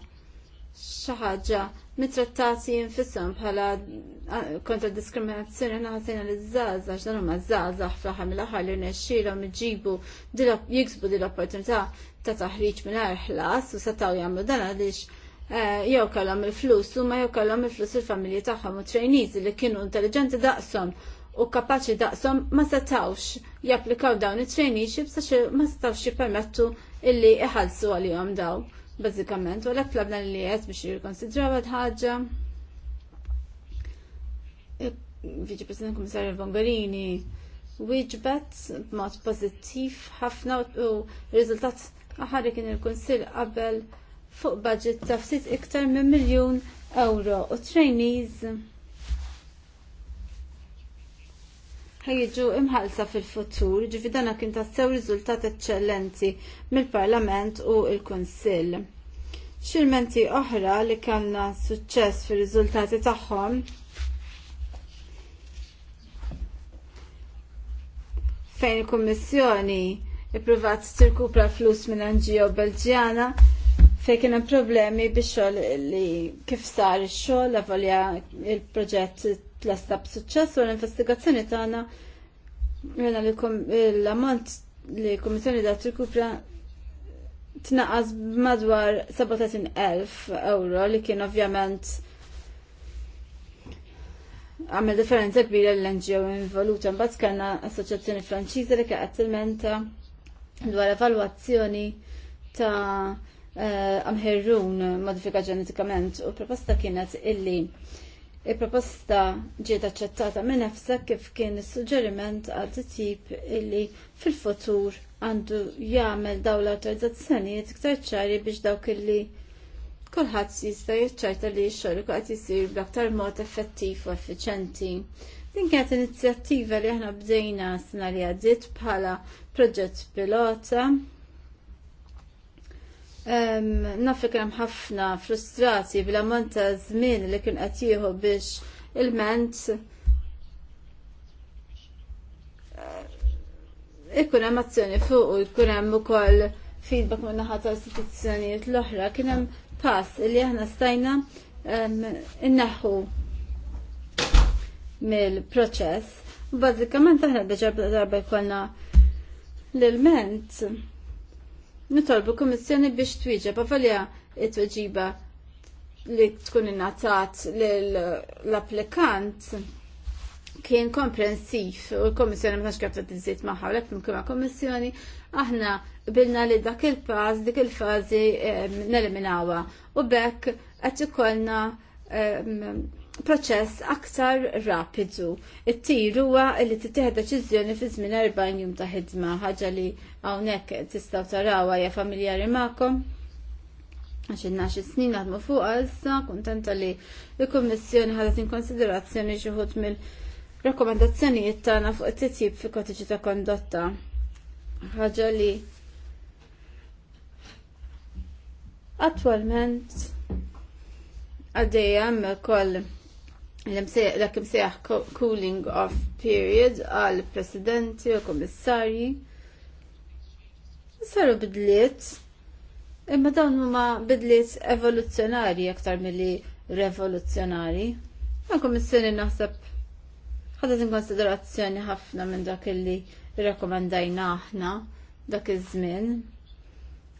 xi ħaġa mitrattati jinfissom bħala uh, kontra diskriminazzjoni aħna ħasina li żgħażagħ dan huma żgħażagħ fl-aħħar mill-aħħar li rnexxielhom iġibu jiksbu din l-opportunità ta' taħriġ mingħajr ħlas u setgħu jagħmlu dan għaliex Eh, jew kellhom il-flus huma jew kellhom il-flus il-familji tagħhom u trainees li kienu intelligenti daqshom u kapaċi daqshom ma setawx japplikaw dawn it-traineeship sa ma setawx jippermettu illi iħallsu għalihom daw bażikament u għalhekk tlabna li qed biex jirkonsidraw ħaġa. Viċi President Kummissarju Vongarini wieġbet b'mod pożittiv ħafna u r-riżultat aħari kien il-Kunsill qabel fuq budget ta' ftit iktar minn miljun euro u trainees ħajġu imħalsa fil-futur, dana kien tassew riżultat eccellenti mill-Parlament u il kunsill Xilmenti oħra li kellna suċċess fil-riżultati tagħhom fejn il-Kummissjoni ippruvat tirkupra flus minn NGO Belġjana fej hemm problemi biex xogħol li kif sar ix-xogħol avolja il-proġett tlesta b'suċċess u l-investigazzjoni tagħna rena l-ammont li kummissjoni dat rikupra tnaqqas madwar 37,000 euro li kien ovvjament għamil differenza kbira l-NGO involuta mbagħad kellna assoċjazzjoni Franċiża li kienet dwar evalwazzjoni ta' amħerrun eh, eh, modifika ġenetikament u proposta kienet illi il-proposta ġiet aċċettata minn nafsa kif kien is-suġġeriment għal titjib illi fil-futur għandu jagħmel dawn l-awtorizzazzjonijiet iktar ċari biex dawk illi kulħadd jista' jiċċerta li x-xogħol qed isir b'aktar mod effettiv u effiċenti. Din kienet inizjattiva li aħna bdejna sena li għaddiet bħala proġett pilota Nafik hemm ħafna frustrati bil-ammont ta' żmien li kien qed jieħu biex il-ment eh, ikun hemm azzjoni fuq u jkun hemm ukoll feedback minn naħa ta' istituzzjonijiet l-oħra kien hemm pass li aħna stajna inneħħu mill-proċess. Bażikament aħna diġà darba jkollna l-ment nitolbu kommissjoni biex twieġeb għavalja it-tweġiba li tkun innatat l-applikant kien komprensiv u l-Komissjoni ma t tiżid maħħa u l minn kima Komissjoni aħna bilna li dak il faz dik il-fażi neliminawha u bekk qed ikollna proċess aktar rapidu. It-tir huwa li tittieħed deċiżjoni fi żmien 40 jum ta' ħidma, ħaġa li hawnhekk tistaw tarawha hija familjari magħkom. Għax il snin għadmu fuq għalsa, kontenta li l-Kommissjoni ħadet in konsiderazzjoni ġuħut mill rekomendazzjoni tagħna fuq it-titjib fi kotiċi ta' kondotta. Ħaġa li Attualment, għaddejjem koll l kim sejaħ cooling off period għal presidenti u komissarji saru bidliet, imma dawn huma bidliet evoluzzjonari aktar milli revoluzzjonari. Ma kummissjoni naħseb ħadet konsiderazzjoni ħafna minn dak illi rrakkomandajna aħna dak iż-żmien.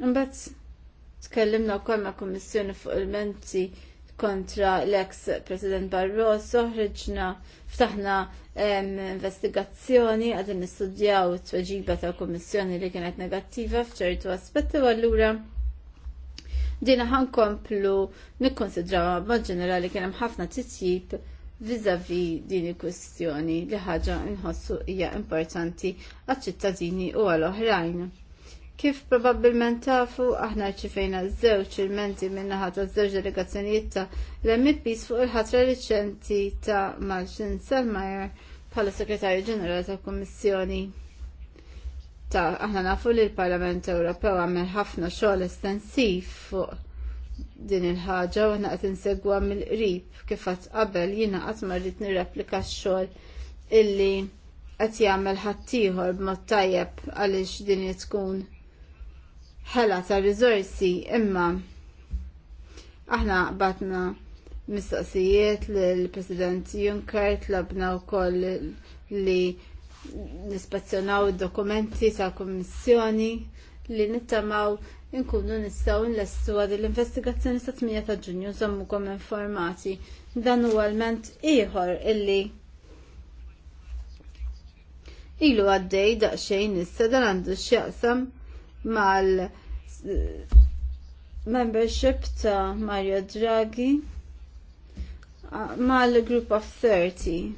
Imbagħad tkellimna wkoll ma' kummissjoni fuq il-menti kontra l-ex President Barroso ħriġna ftaħna investigazzjoni għadin nistudjaw t-tweġiba ta' komissjoni li kienet negattiva fċertu aspetti u allura dina komplu nikkonsidraw mod ġenerali kien hemm ħafna titjib vizavi din il-kwistjoni li ħaġa nħossu hija importanti għaċ-ċittadini u għal oħrajn. Kif probabbilment tafu, aħna ċifejna żewġ il-menti minnaħa ta' żewġ delegazzjonijiet ta' l-MPs fuq il-ħatra riċenti ta' Malcin Selmajer bħala Segretarju Ġenerali ta' Kummissjoni. Ta' aħna nafu li l-Parlament Ewropew għamel ħafna xogħol estensiv fuq din il-ħaġa u aħna insegwa mill-qrib kif għat qabel jiena qatt ma rrid nirreplika x-xogħol illi qed jagħmel ħaddieħor b'mod tajjeb għaliex din tkun ħela ta' rizorsi imma aħna batna mistaqsijiet l-President Juncker tlabna wkoll li nispezzjonaw id-dokumenti ta' kummissjoni li nittamaw inkunu nistaw nlestu għad l-investigazzjoni sa' 8 ta' ġunju zommu kom informati dan u għalment iħor illi ilu għaddej daqxejn issa dan għandu x'jaqsam mal eh, membership ta' Mario Draghi ah, mal Group of 30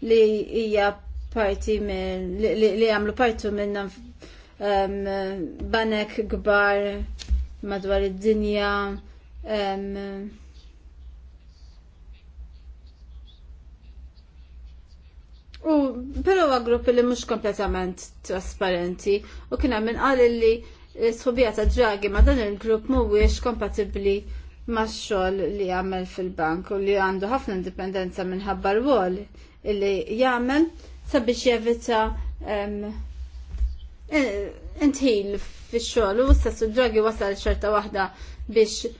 li hija parti minn li għamlu partu minn um, banek gbar madwar id-dinja um, U però huwa gruppi li mhux kompletament trasparenti u kien hemm inqal li sħubija ta' dragi ma' dan il-grupp mhuwiex kompatibbli max xogħol li jagħmel fil-bank u li għandu ħafna indipendenza minħabba rwol illi jagħmel sabiex jevita eh, intħil fil-xogħol u s-dragi wasal xorta waħda biex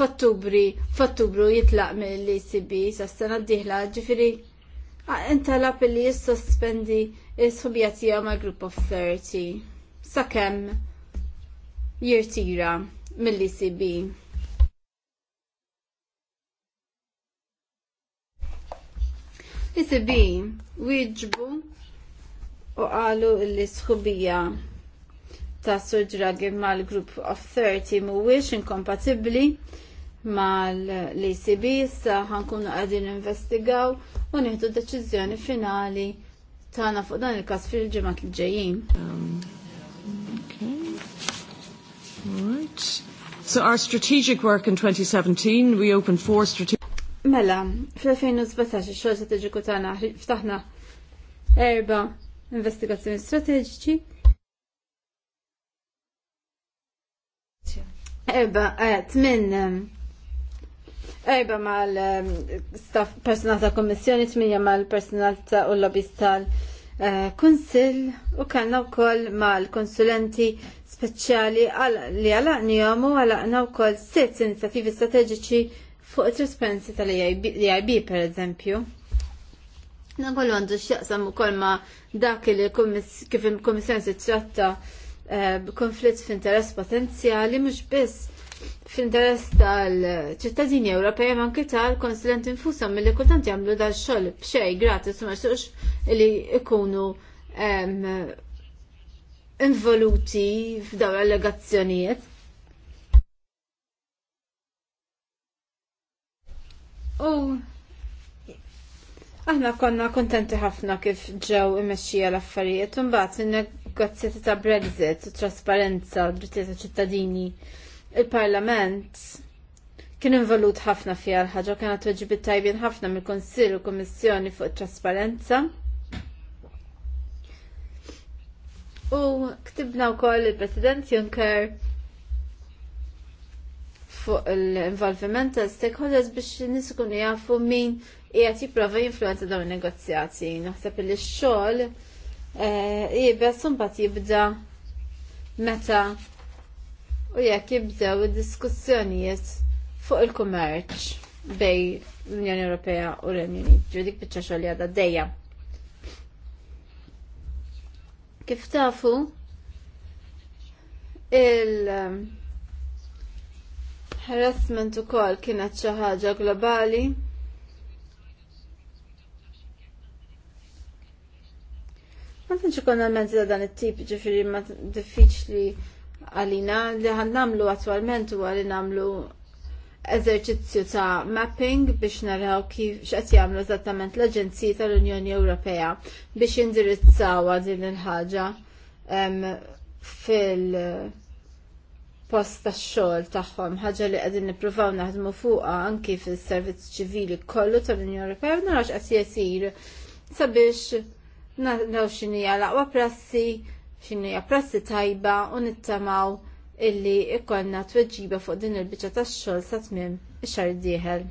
fattubri fattubru jitlaq mill-ECB sa' sena d-dieħla ġifieri Ah, intalab li jissospendi il-subja tiegħu ma' Group of 30 sakemm jirtira mill-ECB. ECB wieġbu u qalu li l-isħubija ta' Sur Draghi mal-Group of 30 mhuwiex inkompatibbli mal-ECB, issa ħankunu għadin investigaw u nieħdu deċizjoni finali tagħna fuq dan il kas fil ġemat l ġejjin. Um, so our strategic work in 2017, we opened four strategic... Mela, fil-2017 xogħol strategiku tagħna ftaħna erba' investigazzjoni strateġiċi. Erba' eh, tmien um, ma mal-staff ehm, personal ta' kommissjoni, tminja mal-personal ta' u lobbies tal-kunsil eh, u kanna u koll mal-konsulenti speċjali li għalaqnijom u għana u koll sitt inizjativi strategiċi fuq trasparenzi tal-EIB per eżempju. Nagħollu għandu x'jaqsam ukoll ma dak li kif il-Kummissjoni tratta eh, b'konflitt f'interess potenzjali mhux biss Fl-interess tal-ċittadini Ewropej ma anke tal-konsulent infushom milli kultant jagħmlu dal xogħol b'xejn gratis ma xux li jkunu involuti f'dawn l-allegazzjonijiet. U aħna konna kontenti ħafna kif ġew imexxija l-affarijiet u mbagħad in-negozjati ta' Brexit, u trasparenza, drittijiet ta' ċittadini Il-Parlament kien involut ħafna fija l-ħagġa, kien għatweġibit tajbin ħafna mill-Konsil u Kommissjoni fuq trasparenza. U ktibna u koll il-President Juncker fuq l-involviment ta' stakeholders biex niskunu jafu min qiegħed jipprova jinfluenza dawn in-negozjati. Naħseb li x-xogħol eh, jibda imbagħad jibda meta u jekk jibdew id-diskussjonijiet fuq il-kummerċ bej l-Unjoni Ewropea u l-Unjoni Ġu dik biċċa xogħol li dejja. Kif tafu il harassment ukoll kienet xi ħaġa globali Ma tantx konna l mezzi dan it-tip ġifiri ma diffiċli għalina li għan namlu attualment u għalina namlu eżerċizzju ta' mapping biex naraw kif x'qed jagħmlu eżattament l aġenzija tal-Unjoni Ewropea biex jindirizzaw din il-ħaġa fil-post tax-xogħol tagħhom, ħaġa li qegħdin nippruvaw naħdmu fuqha anki fis-servizz ċivili kollu tal-Unjoni Ewropea naraw x'qed jasir sabiex naraw x'inhi l-aqwa prassi xinni prassi tajba u nittamaw illi ikollna tweġiba fuq din il-biċċa tax-xogħol sa tmiem ix-xahar dieħel.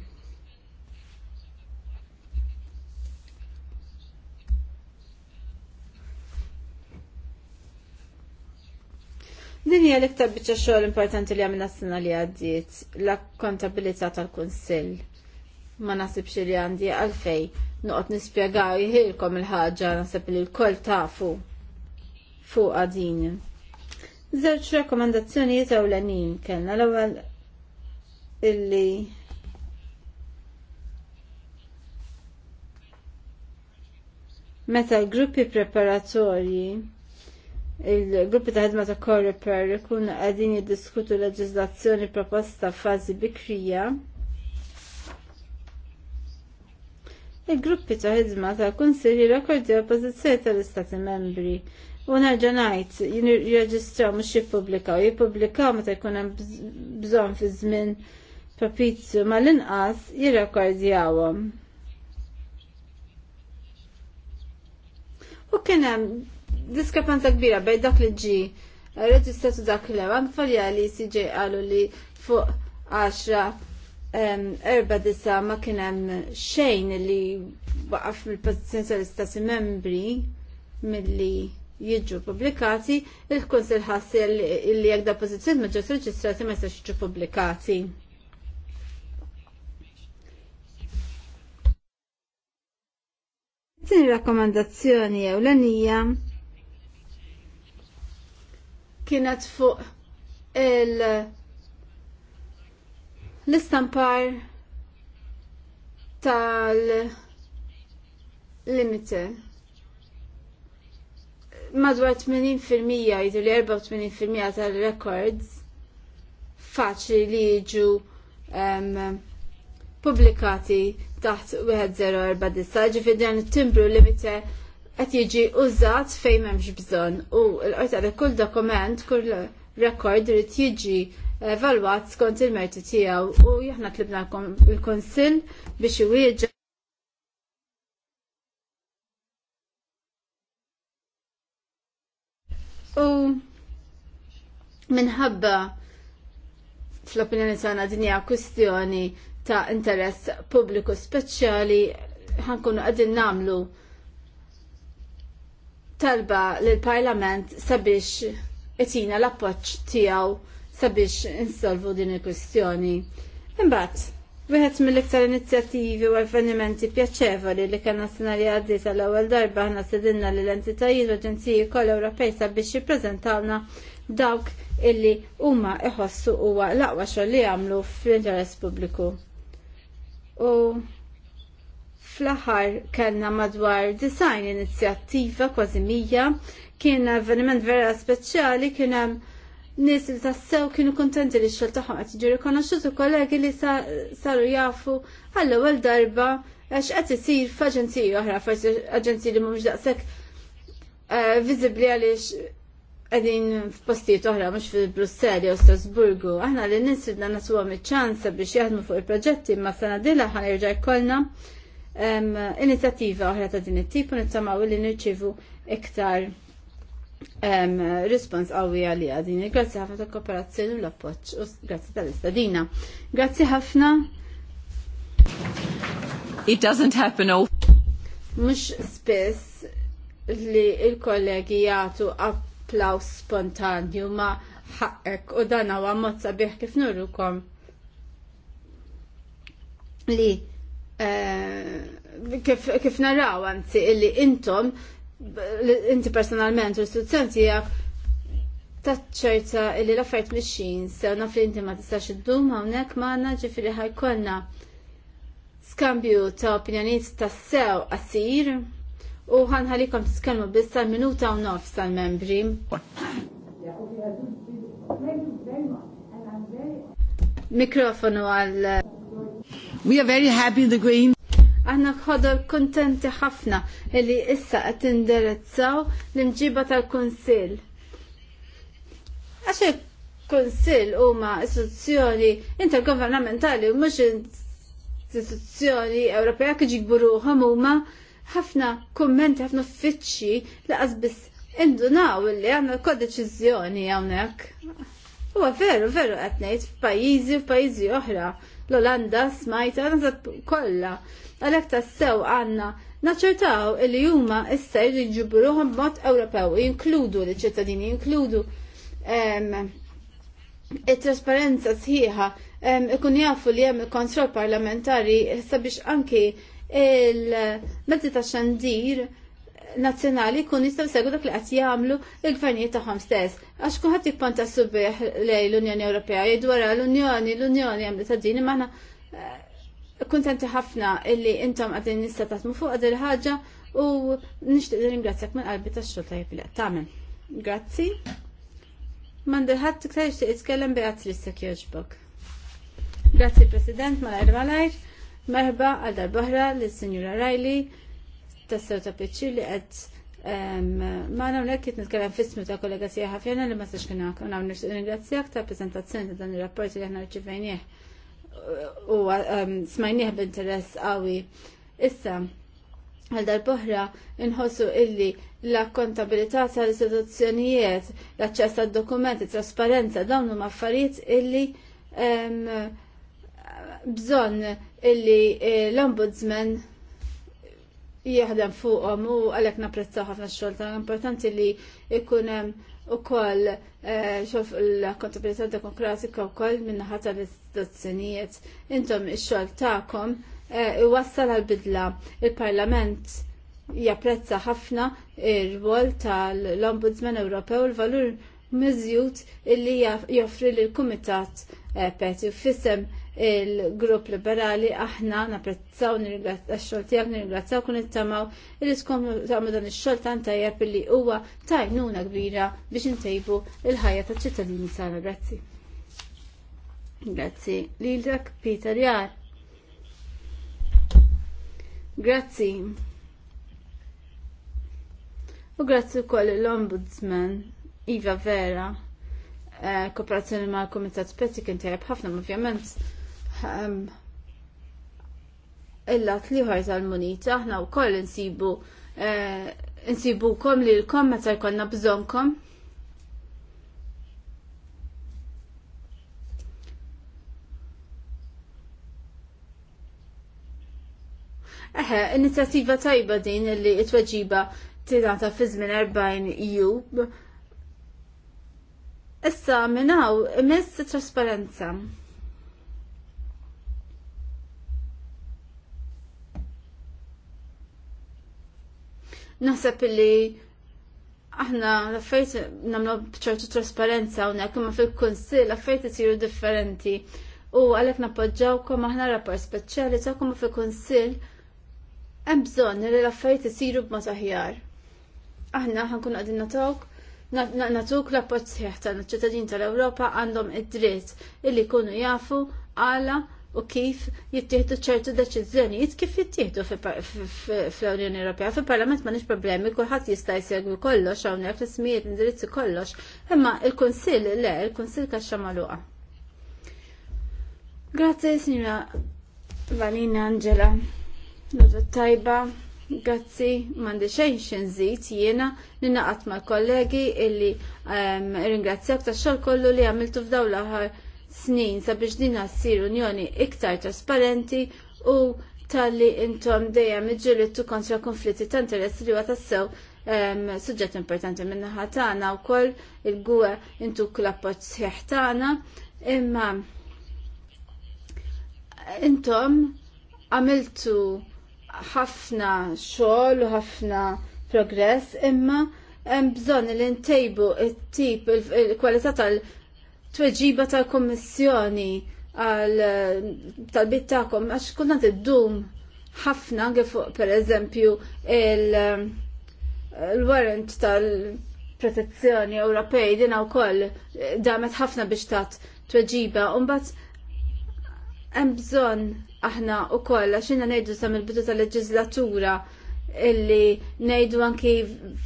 Din hija l-iktar biċċa xogħol importanti li għamilna s-sena li għaddiet, l-akkontabilità tal-Kunsill. Ma nasibx li għandi għalfej noqgħod nispjegaw jħilkom il-ħaġa nasib li l-koll tafu fuq din. Żewġ rakkomandazzjonijiet ewlenin kellna l-ewwel illi meta l-gruppi preparatorji il-gruppi ta' ħedma ta' Coreper kun għadin jiddiskutu leġislazzjoni proposta f'fażi bikrija. Il-gruppi ta' ħedma ta' kunsilli rakkordja pożizzjoni tal-Istati membri U ġanajt, ngħid reġistraw mhux jippubblikaw, jippubblikaw meta jkun hemm bżonn fi żmien ma mal-inqas jirrekordjawom. U kien hemm diskrepanza kbira bejn dak li ġi reġistratu dak li hemm falja li CJ għalu li fuq 10 erba disa ma kien hemm xejn li waqaf mill-pożizzjoni tal-istati membri milli jiġu publikati, il-Kunsil ħassel li jekk depożizzjoni ma ġewx reġistrati ma jistax jiġu publikati. Tieni rakkomandazzjoni l-anija kienet fuq il l-istampar tal-limite madwar 80% jidu li 84% tal-records faċli li jiġu um, publikati taħt 1049 ġifir dan it-timbru limite qed jiġi użat fejn m'hemmx bżonn u l-qorta li kull dokument, kull rekord irid jiġi evalwat skont il-merti tiegħu u aħna tlibna l-Kunsill biex iwieġeb u minħabba fl-opinjoni tagħna din hija kwistjoni ta' interess pubbliku speċjali ħankunu qegħdin nagħmlu talba lill parlament sabiex itina l-appoġġ tiegħu sabiex insolvu din il-kwistjoni. Imbagħad Wieħed mill-iktar inizjattivi u avvenimenti pjaċevoli li kellna s-sinari għaddit għall-ewwel darba aħna sedinna lill entitajiet u aġenziji koll Ewropej sabiex jippreżentawna dawk illi huma iħossu huwa l-aqwa xogħol li jagħmlu fl-interess pubbliku. U fl-aħħar kellna madwar design inizjattiva kważi mija kien avveniment vera speċjali kien hemm nis li tassew kienu kontenti li xol taħħom għat ġiri konoxxutu kollegi li saru jafu għall-ewwel darba għax qed isir f'aġenziji oħra, forsi aġenziji li mhumiex daqshekk eh, viżibbli għaliex qegħdin f'postijiet oħra mhux fil-Brusselli u Strasburgu. Aħna li nies ridna nasuhom iċ-ċansa biex jaħdmu fuq il-proġetti imma sena dilha ħana jerġa' jkollna inizjattiva oħra ta' din it-tip u nittamaw li nirċivu iktar rispons għawi għalija għadini. Grazzi ħafna ta' kooperazzjoni u l-appoċ. Grazzi tal-istadina. Grazzi ħafna. It doesn't happen all. Mux spess li il-kollegi jgħatu applaus spontanju ma ħakek u dana u mod sabiħ kif nurrukom li eh, kif naraw anzi illi intom inti personalment u l-istituzzjoni tiegħek taċċerta illi l-affarijiet mixin se naf li inti ma tistax iddum hawnhekk magħna ġifieri ħajkollna skambju ta' opinjoniet ta' sew qasir u ħanħalikom tiskellmu biss tal-minuta u nofs tal-membri. Mikrofonu għal. We are very happy the Green Aħna ħodor kontenti ħafna li issa qed indirizzaw l-imġiba tal-Kunsill. Għax il-Kunsill huma istituzzjoni intergovernamentali u mhux istituzzjoni Ewropea kif jiġburuhom huma ħafna kummenti, ħafna uffiċċji laqas biss indunaw li għandna kodeċiżjoni hawnhekk. Huwa veru, veru qed ngħid f'pajjiżi u f'pajjiżi oħra l-Olanda smajta għanna kolla. Għalek tassew għanna naċċertaw li huma issa jġibruhom b'mod Ewropew, jinkludu li ċittadini, jinkludu il trasparenza sħiħa, ikun jafu li hemm il-kontroll parlamentari sabiex anki il-mezzi ta' xandir nazzjonali kun jistgħu segu dak li qed jagħmlu l-gvernijiet tagħhom stess. Għax kulħadd jippanta subieħ lej l-Unjoni Ewropea jgħidu wara l-Unjoni, l-Unjoni ta' din imma eh, kuntenti ħafna illi intom qegħdin nista' taħdmu fuq din ħaġa u nixtieq ringrazzjak minn qalbi tax-xogħol tajjeb li tagħmel. Grazzi. Mandelħat tiktar jixtieq jitkellem Beat Lissek jogħġbok. Grazzi President, malajr malajr. Merba għal darbohra l-Sinjura Riley tassew ta' pieċi li għed ma' nawnek kiet nitkellem fissmu ta' kollega sija ħafjana li ma' s-sax kena għaw nirgrazzjak ta' prezentazzjoni ta' dan il-rapport li għahna rċivajnieħ u smajnieħ b'interess għawi. Issa, għal dal-boħra inħossu illi la kontabilità tal-istituzzjonijiet, l-aċċess għad-dokumenti, trasparenza, dawn huma affarijiet illi bżonn illi eh, l-ombudsman jieħdem fuqhom u għalhekk napprezzaw ħafna x-xogħol tan importanti li jkun hemm ukoll eh, xof l kontabilità demokratika wkoll min-naħa tal-istituzzjonijiet. Intom ix-xogħol tagħkom eh, wassal għal-bidla il-Parlament japprezza ħafna ir-rwol tal-Ombudsman Ewropew l-valur miżjut illi joffri l kumitat eh, peti u fissem il-grupp liberali aħna napprezzaw nirgrazzaw tiegħek nirgrazzaw kun it-tamaw li iskom tagħmlu dan ix-xogħol tant tajjeb li huwa tajnuna kbira biex intejbu il-ħajja taċ-ċittadini tagħna. Grazzi. Grazzi. Lilek Peter Jar. Grazzi. U grazzi wkoll l-Ombudsman Iva Vera eh, kooperazzjoni ma' Komitat Peti kien tajab ħafna, ovvjament Illat lat liħor tal-munita, aħna u koll insibu eh, nsibu kom li l-kom meta jkonna bżonkom. Eħe, inizjattiva tajba din li it-tweġiba tirata fi żmien 40 jub. Issa minnaw, imiss trasparenza. trasparenza Naħseb li aħna l-affarijiet nagħmlu bċertu trasparenza hawnhekk ma fil-kunsill affarijiet isiru differenti. U għalhekk nappoġġawkom aħna rapport speċjali tagħkom fil-kunsill hemm bżonn li l-affarijiet isiru b'mod aħjar. Aħna ħankun qegħdin nagħtok natuk l-appoġġ sħiħ tal-ċittadin tal-Ewropa għandhom id-dritt illi jkunu jafu għala u kif jittieħdu ċertu deċiżjonijiet kif jittieħdu fl-Unjoni Ewropea. Fil-Parlament m'għandix problemi, kulħadd jista' jsegwi kollox hawnhekk l-ismijiet indirizzi kollox, imma il-Kunsill le, il-Kunsill kaxxa magħluqa. Grazzi signora Valina Angela. Lodu tajba. Grazzi, mandi xejn xinżit jiena ninaqat mal kollegi illi ehm, ringrazzjak ta' xol kollu li għamiltu f'daw l-aħħar snin sabiex din ssir unjoni iktar trasparenti u talli intom dejjem iġġilittu kontra konflitti ta' interess li huwa tassew suġġett importanti min-naħa tagħna wkoll il-gwe intuk l-appoġġ sħiħ tagħna imma intom għamiltu ħafna xogħol u ħafna progress imma hemm bżonn li ntejbu it-tip il-kwalità tal- tweġiba tal-Kommissjoni għal tal-bit ta'kom, għax kunna dum ħafna anke fuq pereżempju il-warrant tal-protezzjoni Ewropej din wkoll eh, damet ħafna biex tat tweġiba u mbagħad hemm bżonn aħna u koll għax inna nejdu sa' mill bidu tal leġislatura illi nejdu anki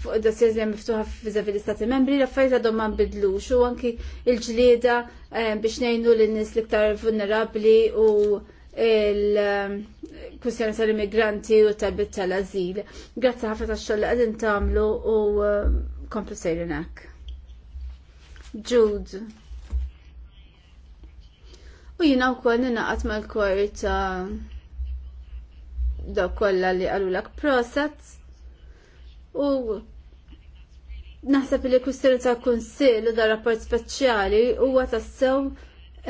fuq id-dossier miftuħa fiżavi l-Istati membri, l-affarijiet għadhom ma nbidlux u anki il-ġlieda eh, biex nejnu l-nies l-iktar vulnerabbli u il-kwistjoni tal-immigranti u tabit tal-azil. Grazzi ħafna tax-xogħol li qegħdin tagħmlu u eh, komplu sejrin Jude. U jiena wkoll ninaqat mal-kwer ta' da kolla li għalulak prosat u naħseb li kustjoni ta' konsil u da' rapport speċjali huwa tassew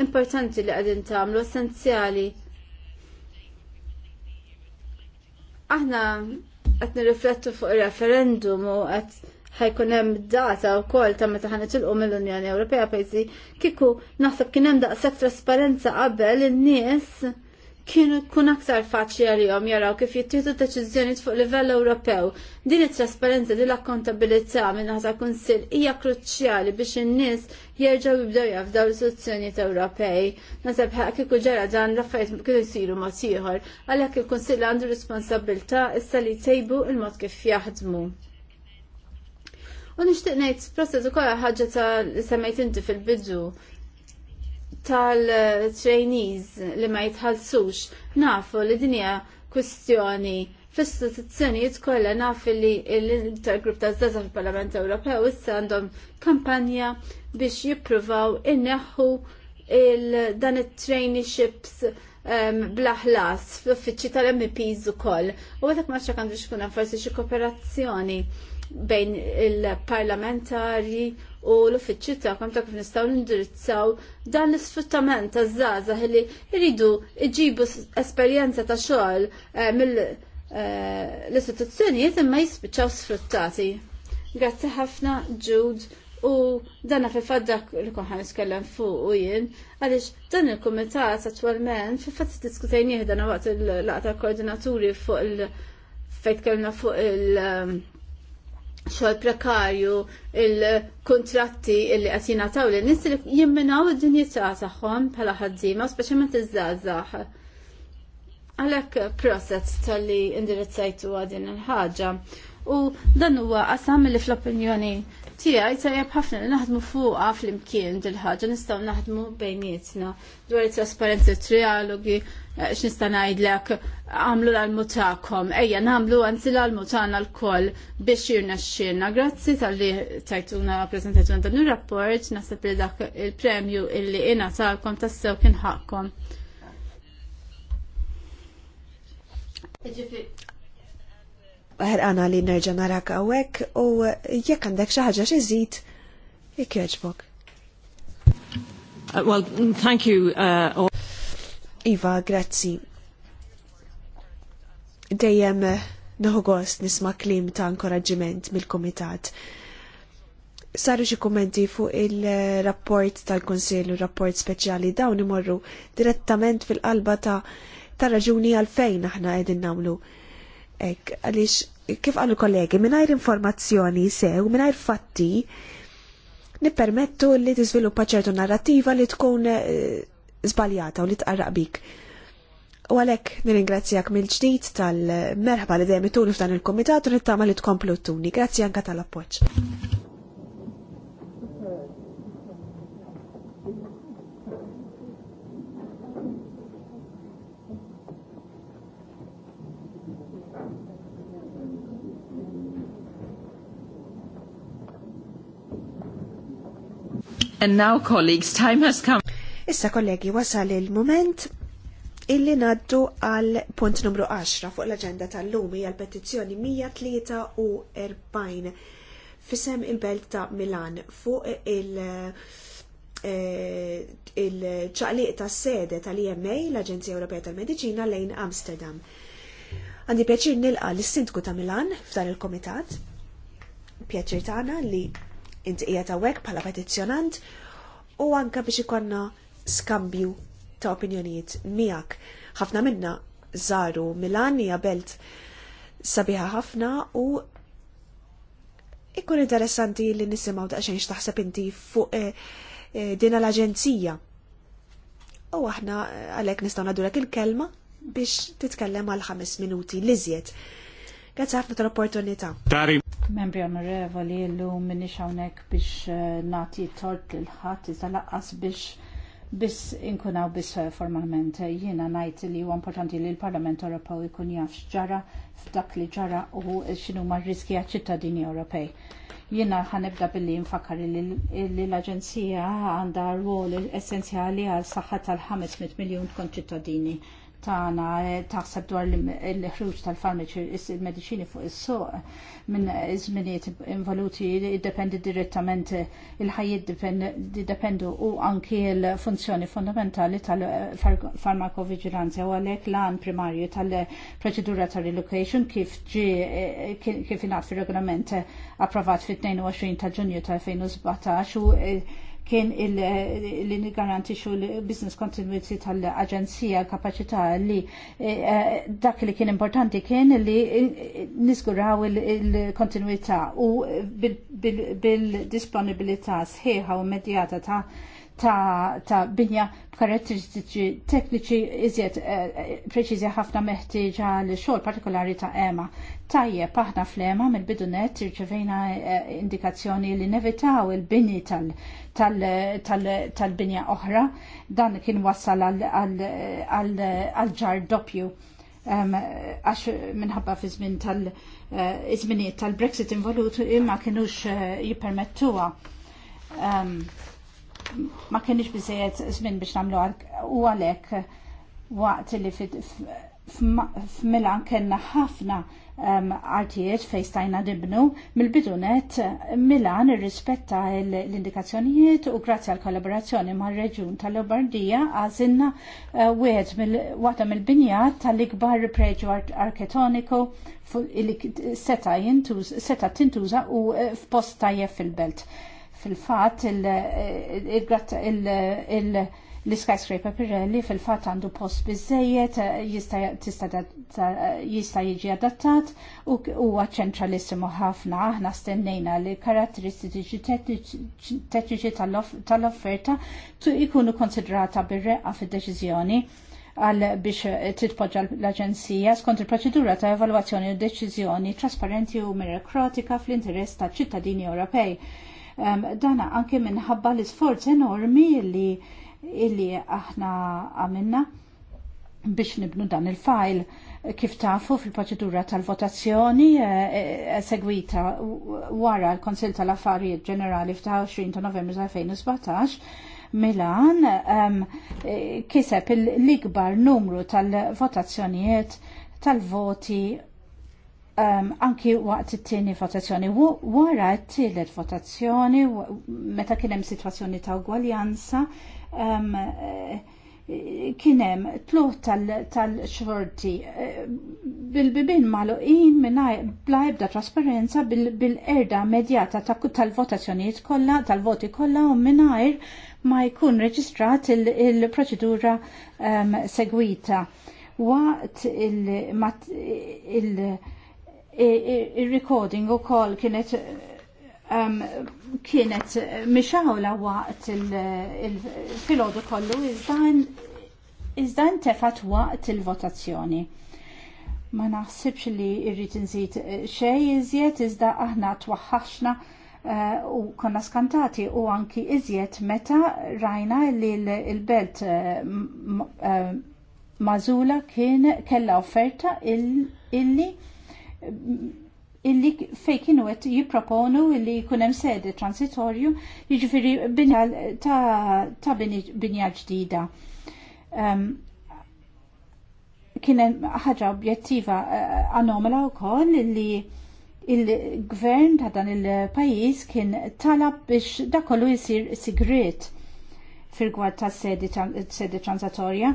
importanti li għadin tagħmlu essenzjali. Aħna qed nirriflettu fuq referendum u qed ħajkun hemm data wkoll ta' meta ħanitilqu mill-Unjoni Ewropea pejsi kieku naħseb kien hemm daqshekk trasparenza qabel in-nies kienu kun aktar faċli għalihom jaraw kif jittieħdu deċiżjoni fuq livell Ewropew. Din it-trasparenza, din l-akkontabilità minn ta' Kunsill hija kruċjali biex in-nies jerġgħu jibdew jafdaw l-istituzzjonijiet Ewropej. Naseb kieku ġara dan l-affarijiet kienu jsiru mod ieħor, għalhekk il-Kunsill għandu responsabilità issa li jtejbu l mod kif jaħdmu. U nixtieq ngħid proċess ukoll ħaġa ta' li semmejt inti fil-bidu tal-trainees li ma jitħallsux nafu li dinja kwistjoni fl-istituzzjonijiet kollha nafu li l-intergrupp ta' Zaza fil-Parlament Ewropew issa għandhom kampanja biex jippruvaw inneħħu dan it-traineeships ehm, blaħlas fl-uffiċċji tal-MPs ukoll. U għadak maċċa kandu xkun forsi xi kooperazzjoni bejn il-parlamentari u l-uffiċċju tagħkom ta' kif nistgħu nindirizzaw dan l-isfruttament taż-żgħażagħ li jridu jġibu esperjenza ta' xogħol eh, mill eh, istituzzjonijiet imma jispiċċaw sfruttati. Grazzi ħafna ġud u danna fi dak li konħan niskellem fuq u jien għaliex dan il-kumitat attualment fi fatt diskutajn jihdan waqt il-laqta koordinaturi fuq il- fejt kellna fuq il- xogħol prekarju, il-kontratti illi qed jingħataw lin nies li jimminaw id-dinjità tagħhom bħala ħaddiema, speċjalment iż-żgħażagħ. Għalhekk process tal-li indirizzajtu għadin il-ħaġa. U dan huwa qasam li fl-opinjoni tiegħi tajjeb ħafna li naħdmu fuqha fl-imkien dil-ħaġa nistgħu naħdmu bejnietna dwar it-trasparenza trialogi Eh, x'nista' ngħidlek għamlu l-almutakom, ejja nagħmlu anzi l-almutana l-koll biex jirna xirna. Grazzi tal-li tajtuna prezentajtuna dan ir-rapport, naħseb li dak il-premju illi ingħatalkom tassew kien ħaqkom. Ħerqana li nerġa' narak għawek u jekk għandek xi ħaġa xi żid, jekk jogħġbok. Uh, well, thank you uh, all. Iva, grazzi. Dejjem neħu gost nisma klim ta' inkoraġġiment mill-Kumitat. Saru xi kummenti fuq il-rapport tal-Konsil u rapport speċjali dawn imorru direttament fil-qalba ta' ta' raġuni għalfejn aħna qegħdin nagħmlu. Ek, għaliex kif qalu kollegi, mingħajr informazzjoni sew, mingħajr fatti, nippermettu li tiżviluppa ċertu narrativa li tkun eh, zbaljata u li tqarraq bik. U għalek nir ingrazzijak mill-ġdijt tal-merħba li dejjem tuni f'dan il-komitat u nittama li tkomplu tuni. Grazzi anka tal-appoċ. And now, colleagues, time has come. Issa kollegi, wasal il-moment illi naddu għal punt numru 10 fuq l-agenda tal-lumi għal petizzjoni 143 fisem il-belt ta' Milan fuq il- eh, il-ċaqliq ta' sede tal-IMA, l-Aġenzija Ewropea tal-Mediċina, lejn Amsterdam. Għandi pjaċir nilqa l-Sindku ta' Milan f'dan il-Komitat, pjaċir tagħna li inti qiegħed hawnhekk bħala petizzjonant u anke biex ikonna skambju ta' opinjonijiet miegħek. Ħafna minna żaru Milan hija belt sabiħa ħafna u ikkun interessanti li nisimgħu ta' xejn x'taħseb inti fuq eh, eh, din l-aġenzija. U aħna eh, għalhekk nistgħu nadulek il-kelma biex titkellem għal ħames minuti li żjed. Grazzi ħafna tal-opportunità. Tari. Membri onorevoli, l-lum minni xawnek biex nati tort l-ħat, iżda laqqas biex biss inkunaw biss formalment jiena ngħid li huwa importanti li l-Parlament Ewropew ikun jaf x'ġara f'dak li ġara u x'inhu mar-riski għaċ-ċittadini Ewropej. Jiena ħanibda billi nfakkar li l-Aġenzija għandha rwol essenzjali għal saħħa tal-500 miljun tkun ċittadini tagħna eh, taħseb dwar l-ħruġ tal-farmaċi medicini fuq is-suq minn żminijiet involuti jiddependi direttament il-ħajjiet dipendu u anki l-funzjoni fondamentali tal-farmakovigilanza u għalhekk l-għan primarju tal-proċedura ta' relocation kif ġi eh, kif ingħad fir-regolament approvat fit-22 ta' Ġunju tal-2017 u kien eh, li nigarantixu l-business continuity tal-aġenzija kapacità li eh, eh, dak li kien importanti kien li nisguraw il-kontinuità u bil-disponibilità sħiħa u immedjata ta' ta', ta binja b'karatteristiċi tekniċi iżjed eh, eh, preċiżi ħafna meħtieġa l xogħol partikolari ta' EMA. Tajjeb aħna fl-EMA mill-bidunet irċevejna eh, indikazzjoni li nevitaw il-bini tal-binja tal, tal, tal oħra dan kien wassal għal ġar doppju għax minħabba fi żmien tal-żminijiet tal-Brexit involut imma kienux jippermettuha ma kienx bizzejet żmien biex nagħmlu u għalhekk waqt li f'Milan kellna ħafna ehm, artijiet fejn stajna nibnu mill-bidunet Milan irrispetta l-indikazzjonijiet u grazzi għal kollaborazzjoni mar reġjun tal-Lombardija għażilna eh, wieħed waqta mill-binjat tal-ikbar preġu arketoniku li seta tintuża u eh, f'post tajjeb fil-belt fil-fat l-skyscraper Pirelli fil-fat għandu post bizzejiet jista jiġi adattat u huwa ċentralissimu ħafna aħna stennejna li karatteristiċi tekniċi tal-offerta ikunu konsidrata bir-reqqa fid-deċiżjoni għal biex titpoġġa l-Aġenzija skont il-proċedura ta' evalwazzjoni u deċiżjoni trasparenti u merokratika fl-interess ta' ċittadini Ewropej dana anke minħabba l-isforz enormi li illi aħna għamilna biex nibnu dan il-fajl kif tafu fil-proċedura tal-votazzjoni eh, eh, segwita wara l-Konsil tal-Affarijiet Ġenerali f'ta' 20 ta' Novembru 2017 Milan um, kiseb l-ikbar numru tal-votazzjonijiet tal-voti um, anki waqt it-tieni votazzjoni. Wara t-tielet votazzjoni, meta kien hemm sitwazzjoni ta' ugwaljanza, um, kien hemm tluħ tal-xorti tal eh, bil-bibin maluqin mingħajr bla ebda trasparenza bil-erda bil medjata tal-votazzjonijiet kollha, tal-voti kollha u mingħajr ma jkun reġistrat il-proċedura il um, segwita waqt il-, il il-recording u kol kienet um, kienet mixawla waqt il-filodu il kollu iżda ntefat waqt il-votazzjoni. Ma naħsibx li irrid nżid eh, xej iżjed iżda aħna twaħħaxna uh, u konna skantati u anki iżjed meta rajna li l-belt uh, eh, uh, mażula kien kella offerta il illi illi fej kienu għet jiproponu illi kunem sede transitorju jġifiri ta, ta binja ġdida. Um, kienem ħagġa objettiva eh, anomala u koll illi il-gvern ta' dan il-pajis kien talab biex dakollu jisir sigret fil-gwad ta' sedi transatorja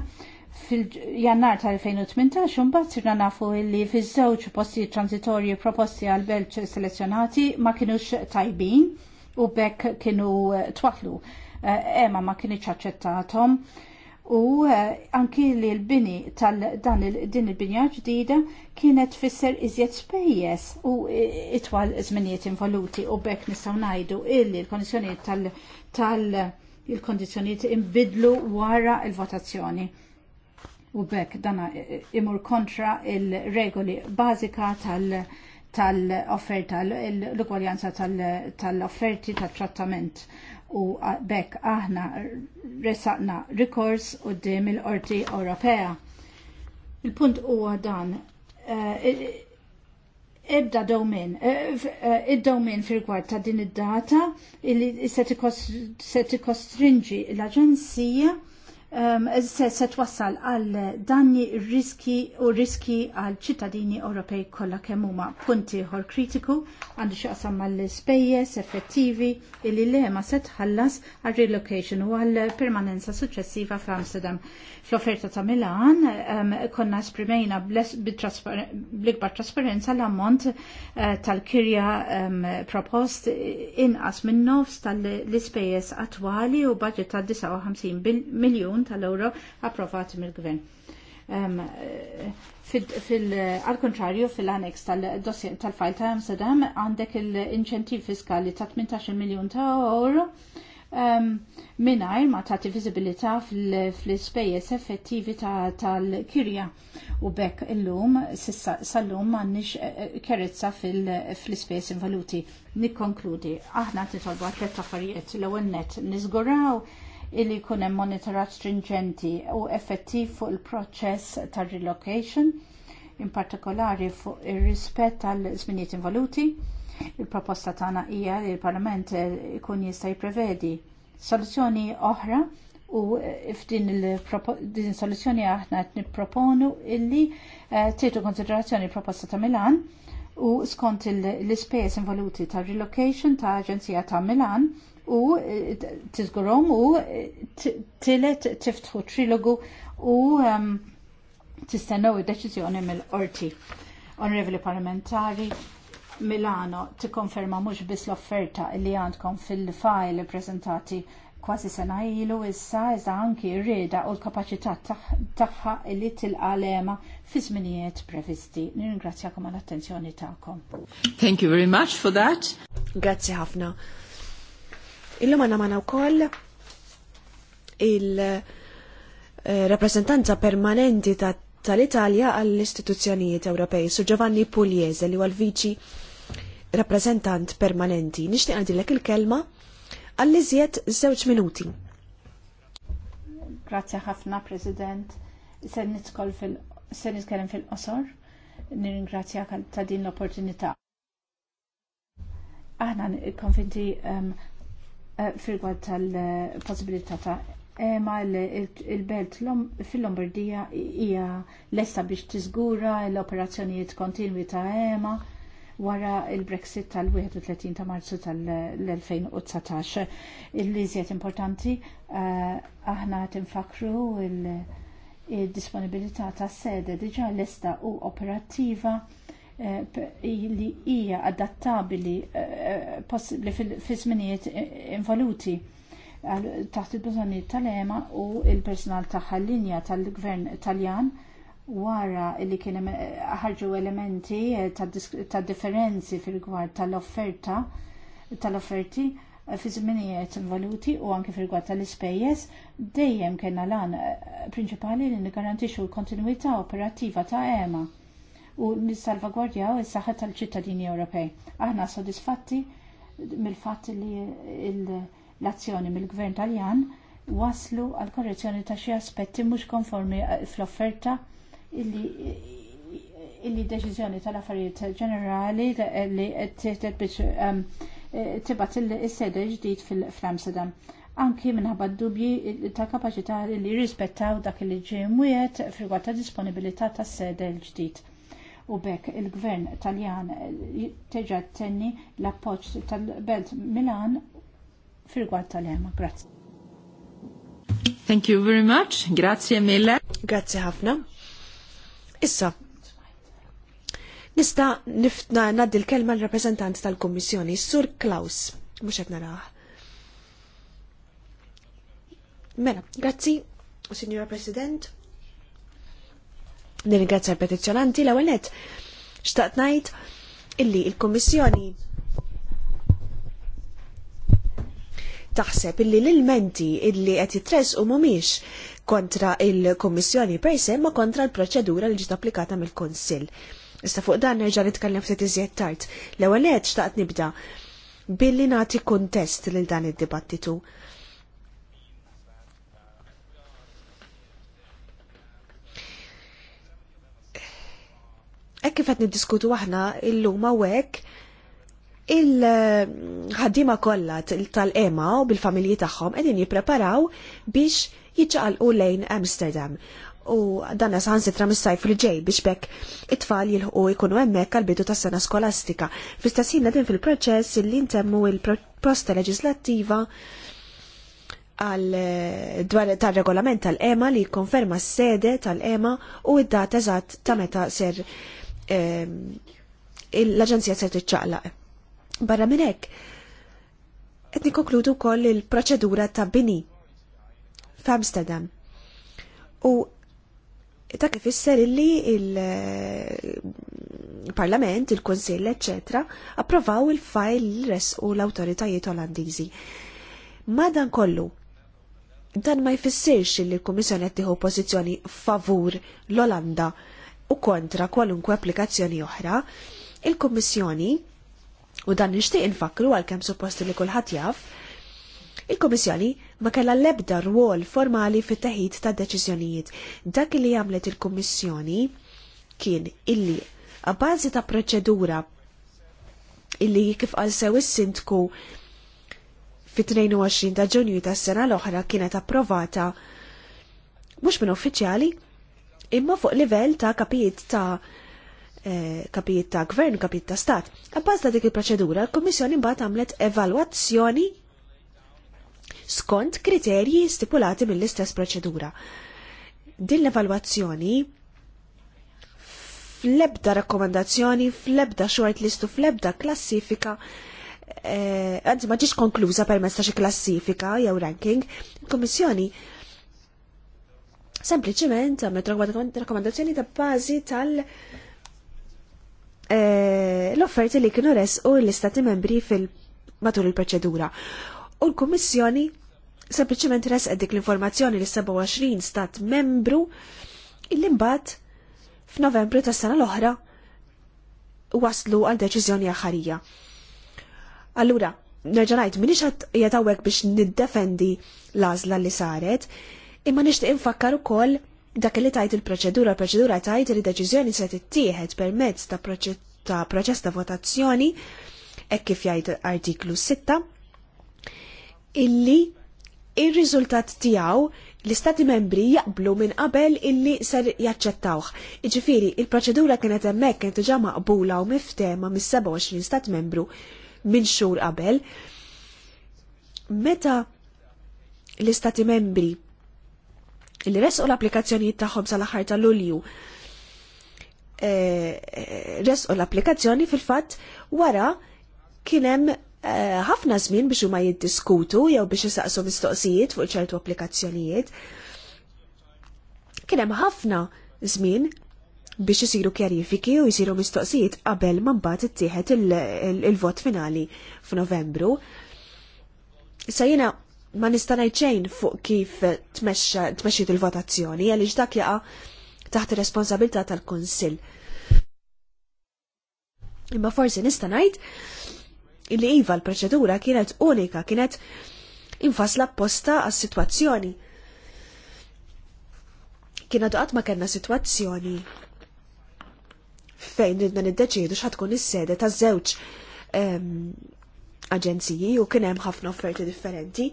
fil-jannar tal-2018 mbagħad sirna nafu li fiż-żewġ postijiet transitorji proposti għal belġ selezzjonati ma kinux tajbin u bekk kienu eh, twaħlu. Eh, Ema ma kienx aċċettatom u eh, anki li l-bini tal-dan din il-binja ġdida kienet fisser iżjed spejjes u itwal żminijiet involuti u bekk nistgħu ngħidu illi l-kondizzjonijiet tal- tal il kondizzjonijiet imbidlu wara il-votazzjoni u bekk dana imur kontra il-regoli bazika tal- tal-offerta, l-ugwaljanza tal-offerti, tal-trattament. U bekk aħna resaqna rikors u dim il-Qorti Ewropea. Il-punt huwa dan. Eh, ebda domen, eh, id-domin fil rigward ta' din id-data, il se kostringi l-Aġenzija se, twassal għal danni riski u riski għal ċittadini Ewropej kollha kemm huma. Punti ħor kritiku għandu xaqsam mal-spejjeż effettivi illi lema se tħallas għal relocation u għal permanenza suċċessiva f'Amsterdam. Fl-offerta ta' Milan konna esprimejna bl-ikbar trasparenza l-ammont eh, tal-kirja propost inqas minn nofs tal-ispejjeż attwali u budget ta' 59 miljun miljun tal-euro approvati mill-gvern. Um, al kontrarju fil-annex tal-dossier tal-fajl ta' Amsterdam għandek l-inċentiv fiskali ta' 18 miljun ta' euro um, minnajr ma tati vizibilità fl-spejjes effettivi tal-kirja u bekk illum sal-lum nix eh, kerezza fl-spejjes involuti. Nikkonkludi, aħna titolbu ta' affarijiet l ewwel nizguraw illi jkun hemm monitorat stringenti u effettiv fuq il-proċess ta' relocation, in partikolari fuq ir-rispett tal żminijiet involuti. Il-proposta tagħna hija li l-Parlament eh, ikun jista' jipprevedi soluzzjoni oħra u eh, f'din din soluzzjoni aħna qed nipproponu illi eh, tietu konsiderazzjoni proposta ta' Milan u skont l-ispejjeż involuti tar relocation ta' Aġenzija ta' Milan u tiżgurom u tilet tiftħu trilogu u um, tistennew id-deċiżjoni mill-qorti. Onorevoli parlamentari, Milano tikkonferma mhux biss l-offerta li għandkom fil-fajl prezentati kważi sena ilu issa iżda anki rrieda u l-kapaċità tagħha li tilqalema fi żminijiet previsti. Nirringrazzjakom għall-attenzjoni tagħkom. Thank you very much for that. Grazzi ħafna Illum għanna manna wkoll il-rappresentanza permanenti tal-Italja għall-istituzzjonijiet Ewropej, su Giovanni Pugliese li għal viċi rappresentant permanenti. Nishtiq għadilek il-kelma għall-iżjed żewġ minuti. Grazie ħafna, President. Se fil nitkellem fil-qosor. Nirringrazzjak ta' din l-opportunità. Aħna konfinti. Ehm, Eh, fil-gwad tal-possibilità ta' eh, ma il-belt fil-Lombardija hija lesta biex tiżgura l-operazzjonijiet kontinwi ta' EMA wara il-Brexit tal-31 ta' Marzu tal-2019. Il-liżiet importanti eh, aħna tinfakru il-disponibilità ta' sede diġa lesta u operattiva Eh, li hija adattabili eh, possibbli fil-żminijiet eh, involuti taħt il-bżonnijiet tal-ema u l personal tagħha linja tal-gvern Taljan wara li kien ħarġu elementi ta' differenzi fil-gwar tal-offerta tal-offerti fi żminijiet involuti u anke fil tal-ispejjeż dejjem kellna lan prinċipali li nigarantixxu l-kontinwità operattiva ta' EMA u nissalvagwardjaw is-saħħa tal-ċittadini Ewropej. Aħna sodisfatti mill-fatt li l-azzjoni mill-Gvern Taljan waslu għal korrezzjoni ta' xi aspetti mhux konformi eh, fl-offerta illi illi deċiżjoni tal-affarijiet ġenerali eh, li qed biex ehm, eh, tibat il-sede ġdid fil-Amsterdam. Anki minħabba dubji ta' kapacità li rispettaw dak li ġimwiet fil ta' disponibilità ta' sede l-ġdid u bekk il-gvern taljan eh, teġa tenni l-appoċ tal-Belt Milan fil-gwad tal-ema. Grazie. Thank you very much. Grazie mille. Grazie ħafna. Issa, nista niftna naddi l-kelma l-rappresentant tal-Kommissjoni, Sur Klaus, mux għed raħ. Mela, grazzi, Signora President. Nirringrazzja l-petizjonanti l ewwel xtaqt ngħid illi il-Kummissjoni taħseb illi l-ilmenti illi qed jitress u mhumiex kontra il-Kummissjoni per se ma kontra l-proċedura li ġiet applikata mill-Kunsill. Issa fuq dan nerġa' nitkellem ftit iżjed tard. L-ewwel qed xtaqt nibda billi nagħti kuntest lil dan id-dibattitu. E kif qed niddiskutu aħna llum hawnhekk il-ħaddima kollha tal-ema u bil-familji tagħhom qegħdin jippreparaw biex jiċċaqalqu lejn Amsterdam. U dan għasan sitra mis-sajf l ġej biex bekk it-tfal jilħu jkunu hemmhekk għal bidu tas-sena skolastika. Fl-istessin din fil-proċess li ntemmu il-prosta leġislattiva għal dwar tal-regolament tal-EMA li konferma s-sede tal-EMA u id-data eżatt ta' meta ser l-Aġenzija se tiċċaqlaq. Barra minn hekk, qed nikkonkludu wkoll il-proċedura ta' bini f'Amsterdam. U ta' kif isser illi il-Parlament, il-Kunsill, eċċetera, approvaw il-fajl res u l-awtoritajiet Olandiżi. Madan kollu, dan ma jfissirx li l-Kummissjoni qed tieħu pożizzjoni favur l-Olanda u kontra kwalunkwe applikazzjoni oħra, il-Kommissjoni, u dan nixtieq infakru għalkemm suppost li kulħadd jaf, il-Kommissjoni ma kellha l-ebda rwol formali fit teħid ta' deċiżjonijiet. Dak li għamlet il-Kommissjoni kien illi a ta' proċedura illi kif għal sew is-sindku fit-22 ta' ġunju tas-sena l-oħra kienet approvata mhux minn uffiċjali imma fuq livell ta' kapijiet ta' eh, kapijiet ta' gvern, kapijiet ta' stat. abbaż ta' dik il-proċedura, l-Kommissjoni mbagħad għamlet evalwazzjoni skont kriterji stipulati mill-istess proċedura. Din l-evalwazzjoni fl-ebda rakkomandazzjoni, fl-ebda shortlist u fl-ebda klassifika eh, għadzi ma konkluza permess ta' xi klassifika jew ranking, il-Kommissjoni Sempliċiment għamet rakkomandazzjoni ta' bażi tal- eh, l-offerti li kienu resqu l-istati membri fil-matul il-proċedura. U l-Kommissjoni sempliciment resqed dik l-informazzjoni li 27 stat membru il-limbat f'Novembru tas sena l-oħra waslu għal deċiżjoni aħarija. Allura, nerġanajt, minix jatawek biex niddefendi l-azla li saret, Imma nixtieq infakkar ukoll dak li tajt il-proċedura, proċedura tajt li deċiżjoni se tittieħed permezz ta' proċess ta' votazzjoni hekk kif jgħid artiklu 6 illi ir-riżultat tiegħu l-istati membri jaqblu minn qabel illi ser jaċċettawh. Iġifieri, il-proċedura kienet hemmhekk kienet diġà maqbula u miftema mis-27 stat membru minn xhur qabel. Meta l-istati membri illi resqu l-applikazzjonijiet tagħhom sal-aħħar ta' Lulju. E, eh, eh, resqu l-applikazzjoni fil-fatt wara kien hemm eh, ħafna żmien biex huma jiddiskutu jew biex isaqsu mistoqsijiet fuq ċertu applikazzjonijiet. Kien hemm ħafna żmien biex isiru kjarifiki u jisiru mistoqsijiet qabel ma mbagħad ittieħed il-vot finali f'Novembru. Sa jiena ma nista' ngħid xejn fuq kif tmexxi il-votazzjoni għaliex dak jaqa' taħt ir-responsabilità tal-Kunsill. Imma forsi nista' ngħid illi iva l-proċedura kienet unika, kienet infasla apposta għas situazzjoni Kienet għat ma kena situazzjoni fejn ridna niddeċidu x'ħatkun is-sede taż-żewġ aġenziji u kien hemm ħafna offerti differenti.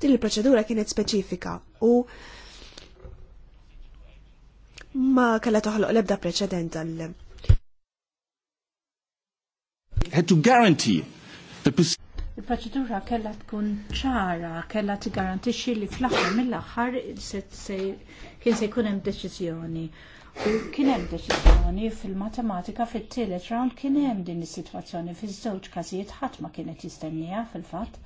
Din il-proċedura kienet speċifika u ma kellha toħloq l-ebda preċedent għal had to guarantee the Il-proċedura kellha tkun ċara, kellha tigarantixxi li fl-aħħar mill-aħħar kien se jkun hemm deċiżjoni Kien hemm deċiżjoni fil-matematika fit-tielet round kien hemm din is-sitwazzjoni fiż-żewġ każijiet ħadd ma kienet jistennija fil-fatt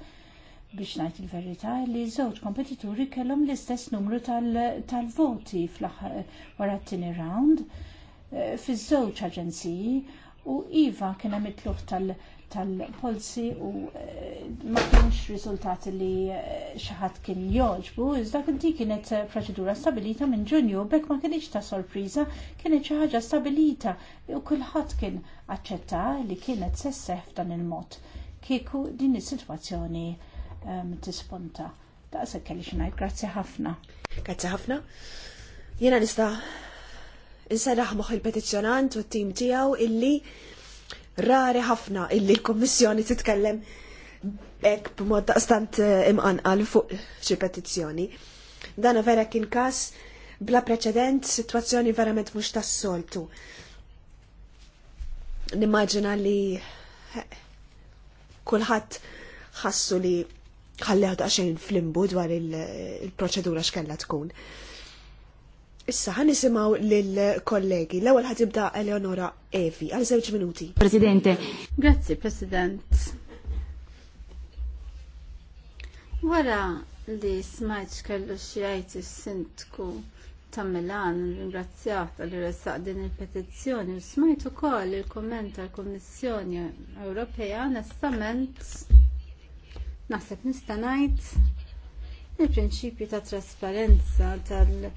biex ngħid il-verità li żewġ kompetituri kellhom l-istess numru tal-voti tal wara t-tieni round eh, fiż-żewġ aġenziji u iva kien hemm it-tluħ tal- tal-polsi u eh, ma kienx riżultat li eh, xaħat kien joġbu, iżda kinti kienet eh, proċedura stabilita minn ġunju, bekk ma kienx ta' sorpriża, kienet xi ħaġa stabilita u kulħadd kien aċċetta li kienet sesseħ f'dan il-mod. Kieku din is-sitwazzjoni um, tispunta. Da' se kelli xinajt, grazzi ħafna. Grazzi ħafna. Jena nista' inseraħ moħ il-petizjonant u t-tim tijaw illi rari ħafna illi l-Kommissjoni titkellem ek b'mod daqstant eh, imqanqal fuq xi petizzjoni. Dan vera kien każ bla preċedent, situazzjoni verament mhux tas-soltu. Nimmaġina li kulħadd ħassu li ħallew daqsxejn flimbu dwar il-proċedura x'kellha tkun. Issa għan nisimaw lill-kollegi. L-ewwel ħatibda Eleonora Evi għal żewġ minuti. Presidente. Grazzi, President. Wara li smajċ kellu xiejt is sintku ta' Milan ringrazzjat li ressaq din il-petizzjoni u smajt ukoll il-komment tal-Kummissjoni Ewropea onestament naħseb nista' ngħid il-prinċipju ta' trasparenza tal-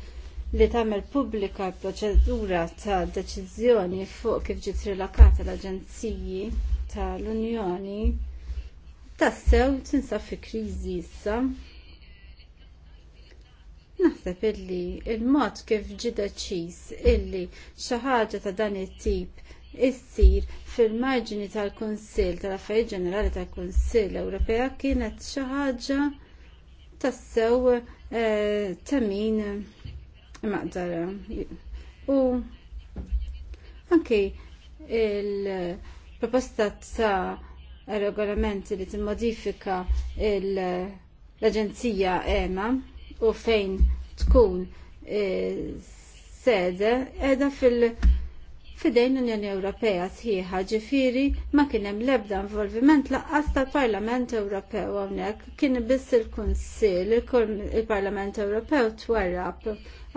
li tagħmel pubblika l-proċedura ta' deċiżjoni fuq kif ġiet rilakata l-Aġenziji tal-Unjoni tassew tinsab fi kriżi issa. Naħseb illi il-mod kif ġi deċiż illi xi ħaġa ta' dan it-tip issir fil-marġini tal-Kunsill tal-Affarijiet Ġenerali tal-Kunsill Ewropea kienet xi ħaġa tassew eh, tamin imaqdara. U anki il-proposta ta' regolamenti li timmodifika l-Aġenzija EMA u fejn tkun eh, sede edha fil- fidejn l-Unjoni Ewropea sħiħa ġifiri ma kien hemm l-ebda involviment laqqas tal-Parlament Ewropew hawnhekk kien biss il-Kunsill il-Parlament Ewropew twerrab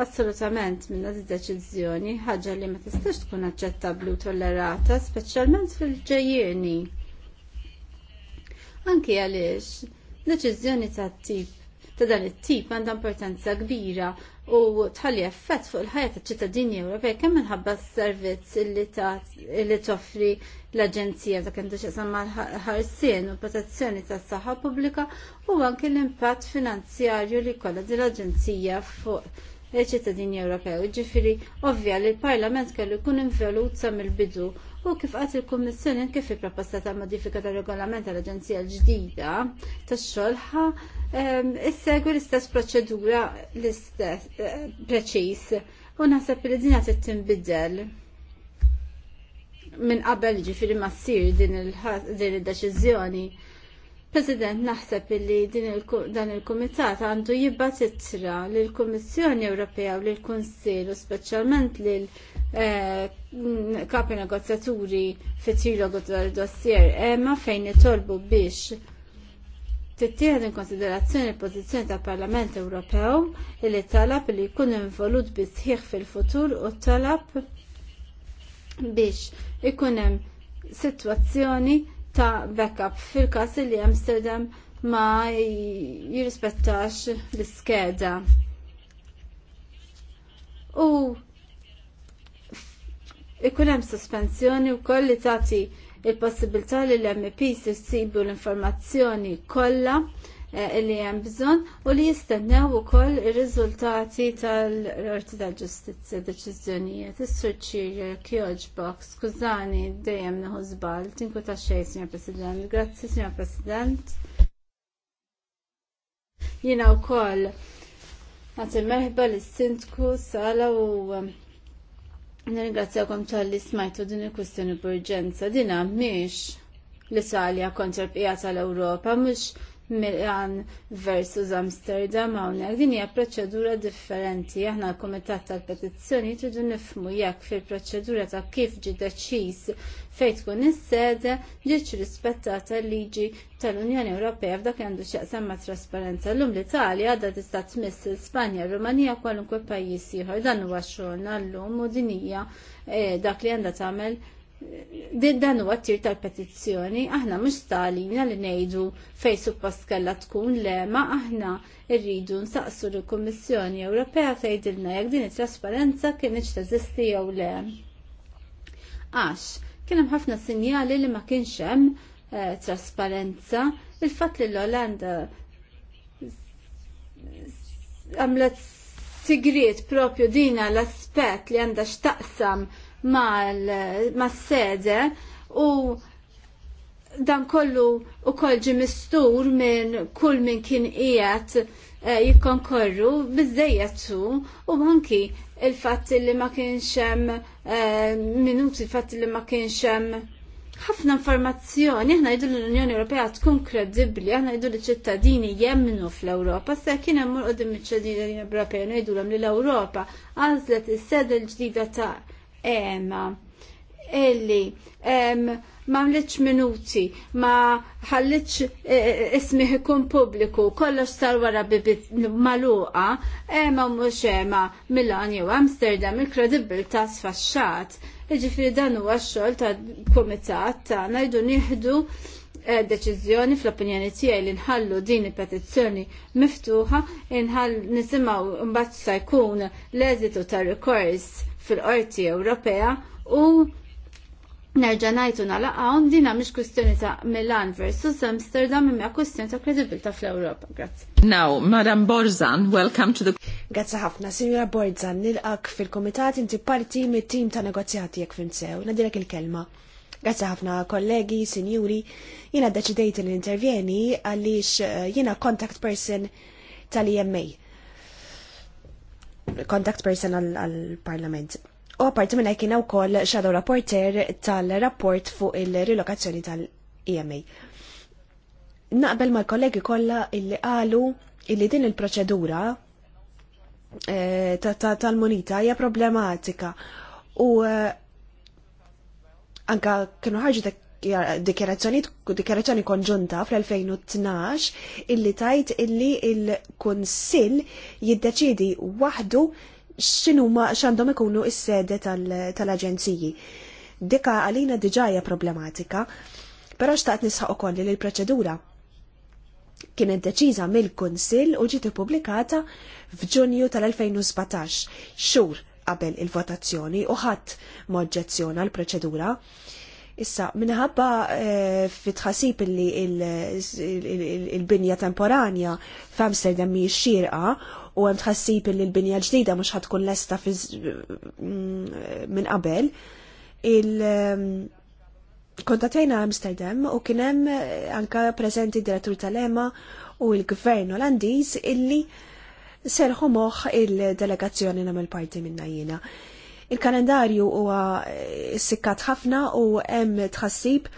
assolutament minna din deċiżjoni ħaġa li ma tistax tkun aċċettabbli u tollerata speċjalment fil-ġejjieni. Anki għaliex deċiżjoni tat-tip ta' dan it-tip għandha importanza kbira u tħalli effett fuq il-ħajja tal ċittadini Ewropej kemm minħabba s-servizz li toffri l-Aġenzija ta' kentu xaqsam ħarsien u protezzjoni tas saħħa pubblika u anke l-impatt finanzjarju li kollha din l-Aġenzija fuq il-ċittadini Ewropew. Ġifiri, ovvja li l-Parlament kellu jkun involut sa mill-bidu u kif għat il kummissjoni kif il-proposta ta' modifika ta' regolament tal-Aġenzija l-ġdida ta' xolħa ehm, issegwi l-istess proċedura l-istess eh, preċis u naħseb li dinja tinbidel minn qabel ġifiri ma' sir din il-deċizjoni il President, naħseb li dan il-Kumitat għandu jibba titra l-Kummissjoni Ewropea u l-Konsil u specialment l-kapi eh, negozjaturi fit-trilogu tal-dossier emma eh, fejn itolbu biex tittieħed in konsiderazzjoni l-pożizzjoni tal Parlament Ewropew li talab li jkun involut bisħiħ fil-futur u talab biex ikun hemm sitwazzjoni ta' backup fil-kas li Amsterdam ma jirrispettax l-skeda. U ikun hemm sospensjoni wkoll li tagħti il-possibilità li l-MP sibu l-informazzjoni kollha Eh, li hemm bżonn u li jistennew ukoll ir-riżultati tal-Qorti tal-Ġustizzja deċiżjonijiet is-surċirja kjoġbok skużani dejjem neħu żball tinku ta' xejn President. Grazzi Sinjor President. Jiena wkoll għat il-merħba lis sintku sala u um, Nirringrazzjakom tal-li smajtu din il-kwistjoni b'urġenza. Dina mhix l-Italja kontra l-bqija tal-Ewropa, mhux Milan versus Amsterdam hawnhekk din hija proċedura differenti. Aħna l-Kumitat tal-Petizzjoni tridu nifhmu jekk fil-proċedura ta' kif ġi deċiż fejn tkun is-sede ġietx rispettata l-liġi tal-Unjoni Ewropea f'dak li għandu x'jaqsam ma' trasparenza. Llum l-Italja għadha tista' tmiss l-Spanja, Rumanija kwalunkwe pajjiż ieħor dan huwa xogħolna llum u din hija eh, dak li għandha tagħmel dan huwa għattir tir tal-petizzjoni, aħna mhux stalina li ngħidu fejn suppost tkun lema aħna rridu nsaqsu l-Kummissjoni Ewropea tgħidilna jekk din it-trasparenza kienx teżisti jew le. Għax, kien hemm ħafna sinjali li ma kienx hemm eh, trasparenza, il-fatt li l-Olanda għamlet sigriet propju dina l-aspett li għandha x'taqsam mal-sede u dan kollu u koll ġi mistur minn kull minn kien qiegħed eh, jikkonkorru biżejjed u anki il fat li ma kienx hemm eh, minuti il fat li ma kienx hemm ħafna informazzjoni, aħna jidu l-Unjoni Ewropea tkun kredibbli, aħna jdu l-ċittadini jemnu fl-Ewropa, se kien hemm għodim iċ-ċittadini Ewropea ngħidulhom li l-Ewropa għażlet il sede l-ġdida ta' ema illi ma mlitx minuti, ma ħallitx e, e, ismih ikun pubbliku, kollox sar wara bibit maluqa, ema mhux ema Milan jew Amsterdam il-kredibilta sfaxxat. Jiġifieri dan huwa x-xogħol ta' kumitat tagħna jdu nieħdu e, deċiżjoni fl-opinjoni tiegħi li nħallu din il-petizzjoni miftuħa, nħall nisimgħu mbagħad sa jkun l-eżitu ta' rikors fil-qorti Ewropea u nerġa' ngħidu nalaqgħu dina mhix kwistjoni ta' Milan versus Amsterdam imma kwistjoni ta' kredibilta fl-Ewropa. Grazzi. Now, Madam Borzan, welcome to the Grazzi ħafna, Signora Borzan, nilqak fil kumitat inti parti mit-tim ta' negozjati jekk finsew. Nadilek il-kelma. Grazzi ħafna kollegi, sinjuri, jiena deċidejt l-intervjeni għaliex eh, jiena contact person tal-EMA contact person għal-parlament. U apparti minna kiena u koll shadow rapporter tal-rapport fuq il-relokazzjoni tal-EMA. Naqbel mal-kollegi kolla illi qalu illi din il-proċedura eh, tal-munita hija problematika u eh, anka kienu ħarġu dikjarazzjoni konġunta fl-2012 illi tajt illi il-Kunsill jiddeċidi waħdu x'inhuma x'għandhom ikunu is-sede tal-aġenziji. Dika għalina diġaja problematika, però xtaqt nisħaq ukoll li l-proċedura kienet deċiża mill-Kunsill u ġiet ippubblikata f'Ġunju tal-2017, xhur qabel il-votazzjoni u ħadd moġġezzjona l-proċedura. Issa, minħabba eh, fit tħassib li il-binja temporanja f'Amsterdam mi xirqa u hemm tħassib li l-binja ġdida mhux ħadkun lesta mm, minn qabel, il ehm, Amsterdam u kien hemm eh, anka preżenti direttur tal-EMA u l-Gvern Olandiż illi serħu moħħ il-delegazzjoni nagħmel parti minna jiena. Il-kalendarju huwa eh, sikkat ħafna u hemm tħassib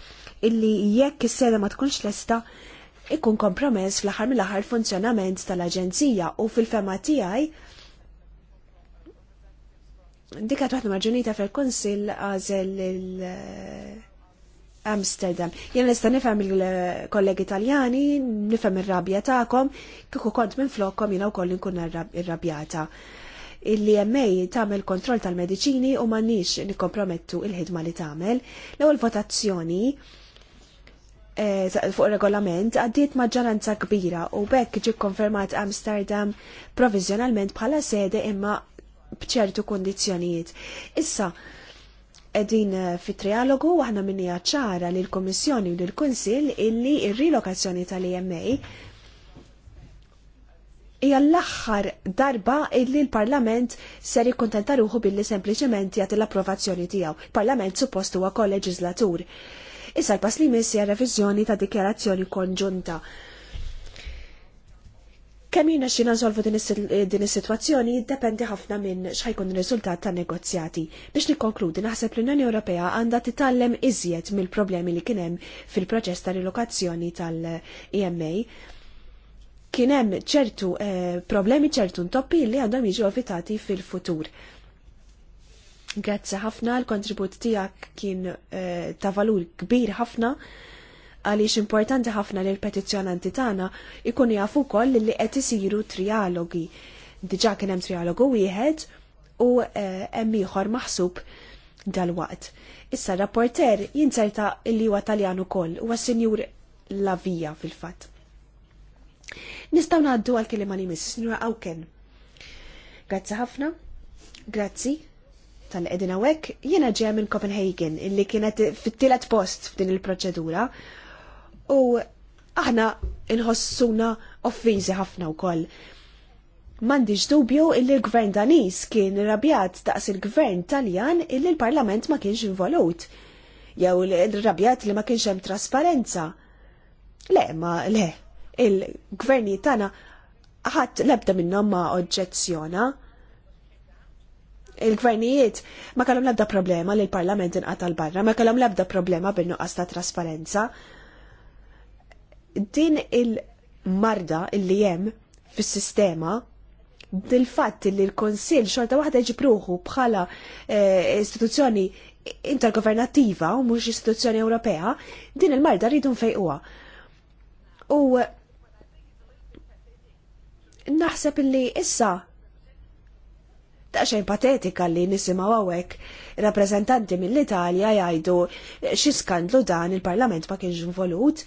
illi jekk is-sena ma tkunx lesta ikun kompromess fl-aħħar mill-aħħar funzjonament tal-Aġenzija u fil-fema tiegħi dik għat waħda maġunita fil-konsil għazel il-Amsterdam. Jena nista nifem il-kollegi italjani, nifem il-rabja tagħkom, kieku kont minn flokkom jina u koll nkun il-rabjata il jemmej tagħmel kontroll tal-mediċini u m'għandniex nikkompromettu il-ħidma li tagħmel. L-ewwel votazzjoni eh, fuq regolament għaddiet maġġoranza kbira u bekk ġi konfermat Amsterdam provizjonalment bħala sede imma bċertu kondizjonijiet. Issa, edin eh, fit trialogu aħna minni ċara li l-Komissjoni u l-Kunsil illi il rilokazzjoni tal-EMA hija l-aħħar darba illi l-Parlament ser jikkuntenta ruħu billi sempliċement jagħti l-approvazzjoni tiegħu. Parlament suppost huwa koleġislatur. Issa l-pass li missi għal reviżjoni ta' dikjarazzjoni konġunta. Kemm jiena xi nażolvu eh, din is-sitwazzjoni jiddependi ħafna minn x'ħajkun ir-riżultat ta' negozjati. Biex nikkonkludi naħseb l-Unjoni Ewropea għandha titgħallem iżjed mill-problemi li kien hemm fil-proċess ta' rilokazzjoni tal-EMA kien hemm ċertu eh, problemi ċertu ntoppi li għandhom jiġu evitati fil-futur. Grazzi ħafna, l-kontribut tiegħek kien eh, ta' valur kbir ħafna għaliex importanti ħafna li l-petizjonanti tagħna ikun jafu wkoll li qed isiru trialogi. Diġà kien hemm trialogu wieħed u eh, hemm ieħor maħsub dal-waqt. Issa rapporter jinserta li huwa Taljan ukoll huwa Sinjur Lavija fil-fatt. Nistaw naddu għal kelima li miss, Sinjura Awken. Grazzi ħafna, grazzi tal edina wek, jena ġeja minn Copenhagen, illi kienet fit-tielet post f'din il-proċedura, u aħna inħossuna offizi ħafna u koll. Mandiġ dubju illi l-gvern danis kien rabjat daqs il-gvern taljan illi l-parlament ma kienx involut jew l-rabjat li ma kienx hemm trasparenza. Le, ma le, il-gverni tana ħadd lebda minnhom ma oġġezzjona. Il-gvernijiet ma kellhom l-ebda problema li l-Parlament inqata l barra, ma kellhom l-ebda problema bil nuqqas ta' trasparenza. Din il-marda illi hemm fis-sistema dil-fatt li l-Konsil xorta waħda ġipruħu bħala eh, istituzzjoni intergovernativa u mhux istituzzjoni Ewropea, din il-marda rridu nfejquha. U naħseb illi issa xejn patetika li nisimaw għawek rappresentanti mill-Italja jgħidu xi skandlu dan il-Parlament ma kienx involut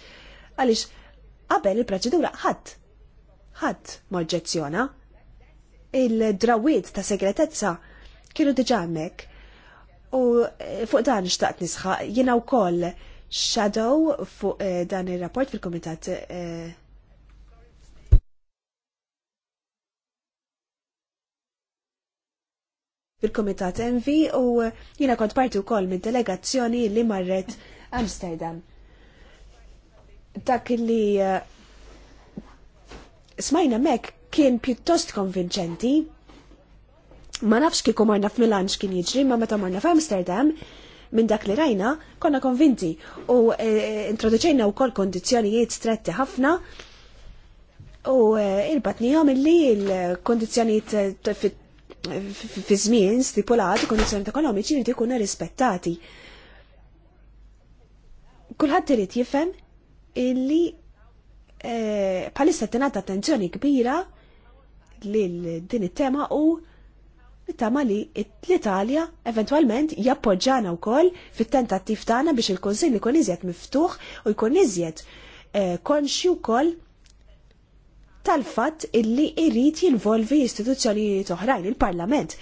għaliex qabel il-proċedura ħadd ħadd moġġezzjona. Il-drawiet ta' segretezza kienu diġà hemmhekk. U eh, fuq dan xtaqt nisħaq jiena wkoll shadow fuq eh, dan ir-rapport fil-Kumitat eh, fil-Komitat Envi u jina kont parti u koll minn delegazzjoni li marret Amsterdam. Dak li eh, smajna mek kien pjuttost konvinċenti, ma nafx kieku marna f'Milan x'kien jiġri, ma meta marna f'Amsterdam, minn dak li rajna konna konvinti u e, introduċejna u kol kondizjonijiet stretti ħafna u e, eh, il-batnijom il-li il-kondizjonijiet fit fi żmien stipulati kondizjoni ekonomiċi jrid ikunu rispettati. Kulħadd irid jifhem illi eh, bħalissa tingħata attenzjoni kbira lil din it-tema u tama li l-Italja eventualment jappoġġana wkoll fit-tentattiv tagħna biex il-Kunsill ikun iżjed miftuħ u jkun iżjed eh, konxju wkoll tal-fatt illi irrit jinvolvi istituzzjonijiet oħrajn il-Parlament.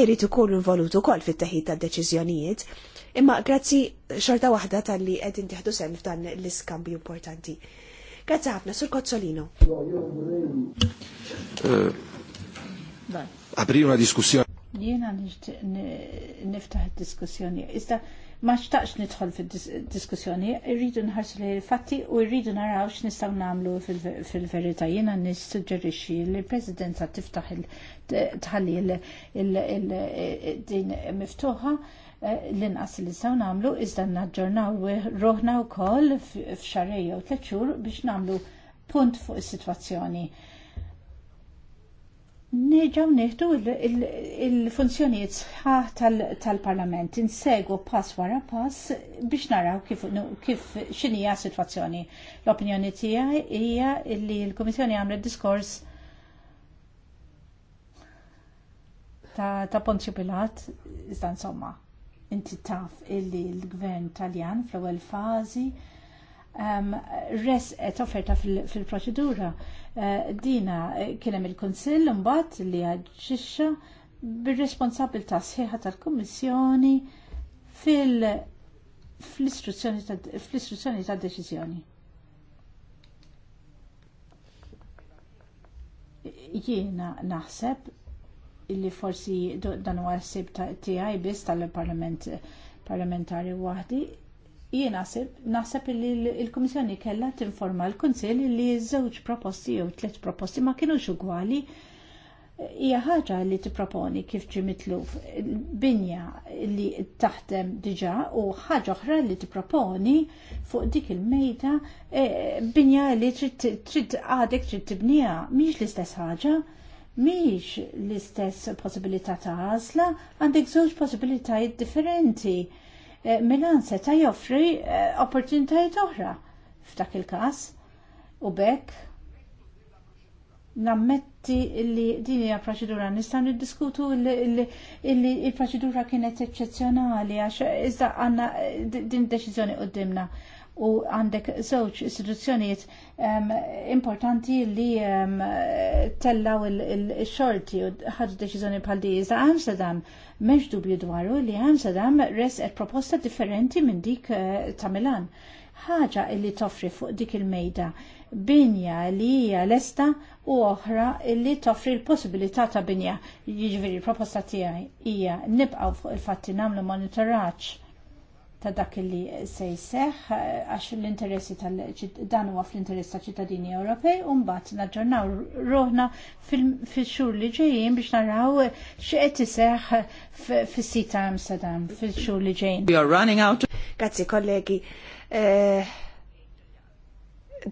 Irrit ikun involut ukoll fit-teħid tad-deċiżjonijiet. Imma grazzi xorta waħda tal-li qed intieħdu sem f'dan l-iskambju importanti. Grazzi ħafna, Sur Kozzolino. Eh, apri una diskussjoni. Jiena niftaħ id-diskussjoni. Iżda ma xtaqx nidħol fil-diskussjoni, irridu nħarsu li l-fatti u irridu naraw x'nistgħu nagħmlu fil-verità. Jiena nissuġġerixxi li l-Presidenza tiftaħ tħalli din miftuħa eh, l-inqas li nistgħu nagħmlu iżda naġġornaw roħna wkoll f'xarrej u tliet xhur biex nagħmlu punt fuq is-sitwazzjoni Neġaw neħdu il-funzjoniet sħaħ tal-parlament, insegu pass wara pass biex naraw kif xinija situazzjoni. L-opinjoni tijaj hija li l-Komissjoni għamlet diskors ta' Ponzio Pilat, iżda insomma, inti taf illi l-gvern taljan fl-ewwel fażi ehm, res qed offerta fil-proċedura. Eh, dina eh, kien hemm il-Kunsill mbagħad li aġixxa bir-responsabilità sħiħa tal-Kummissjoni fil- fl-istruzzjoni ta' deċiżjoni. Jiena naħseb illi forsi dan huwa ssib tiegħi biss tal-parlament eh, parlamentari waħdi jiena naħseb li l-Kummissjoni kellha tinforma l-Kunsill li żewġ proposti jew tliet proposti ma kinux ugwali hija ħaġa li tipproponi kif ġi mitluf binja li taħdem diġà u ħaġa oħra li tipproponi fuq dik il-mejda e, binja li trid għadek trid tibnija mhix l-istess ħaġa mhix l-istess possibilità ta' għażla għandek żewġ possibilitajiet differenti Eh, Milan seta' joffri eh, opportunitajiet oħra f'dak il-każ u bekk nammetti li din hija proċedura nistgħu niddiskutu li il-proċedura kienet eċċezzjonali għax iżda għandna eh, din deċiżjoni qudiemna u għandek żewġ istituzzjonijiet um, importanti li um, tellaw il-xorti il u ħadu deċiżjoni bħal di iżda Amsterdam m'hemmx dubju dwaru li Amsterdam res e proposta differenti minn dik uh, ta' Milan ħaġa illi toffri fuq dik il-mejda, binja li hija lesta u oħra illi toffri l-possibilità ta' binja. Jiġifieri proposta tiegħi hija nibqgħu fuq il-fatti nagħmlu monitoraġġ ta' dak li se jseħħ eh, għax l-interessi tal-dan huwa fl-interess ta' ċittadini Ewropej u mbagħad naġġornaw roħna fix-xhur li ġejjin biex naraw x'qed iseħħ fis-sit ta' Amsterdam fix-xhur li ġejjin. We are running out. Grazzi kollegi. Eh,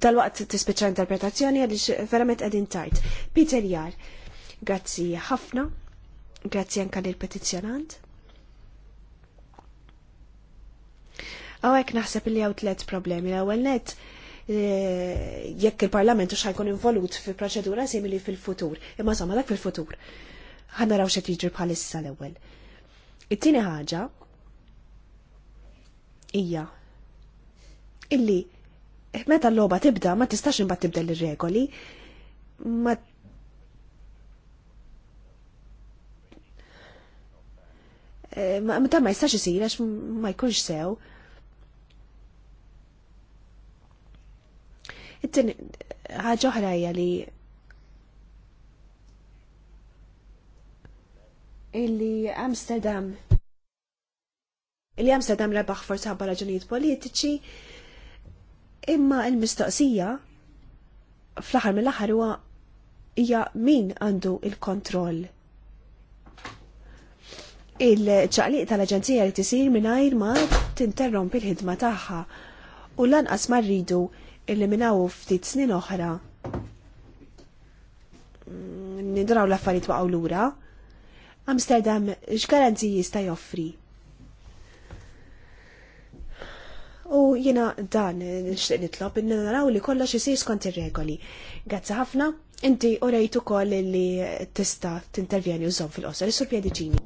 dal-waqt tispiċċa interpretazzjoni għaliex verament qegħdin tgħid. Peter Jar, grazzi ħafna, grazzi anke lill petizzjonant Għawek naħseb li għaw tlet problemi. L-għawel net, e, jekk il-parlament u xajkun involut fi proċedura simili fil-futur. Imma somma dak fil-futur. Għanna raw xe tiġri bħalissa l-ewel. It-tini ħaġa ija illi meta l-loba tibda ma tistax imbagħad tibdel ir-regoli e, ma ma ta' ma jistax isir għax ma jkunx sew. ħaġa oħra hija li illi Amsterdam illi Amsterdam rebaħ forsa ħabba raġunijiet politiċi imma l-mistoqsija fl-aħħar mill-aħħar huwa hija min għandu il-kontroll il-ċaqliq tal-Aġenzija li tisir mingħajr ma tinterrompi l-ħidma tagħha u lanqas ma rridu eliminaw ftit snin oħra mm, nidraw l-affarijiet waqgħu lura, Amsterdam x'garanziji jista' joffri? U jiena dan nixtieq nitlob in naraw li kollox isir skont ir-regoli. Grazzi ħafna, inti u rejt ukoll li tista' tintervjeni użom fil-qosor, is-sur Piediċini.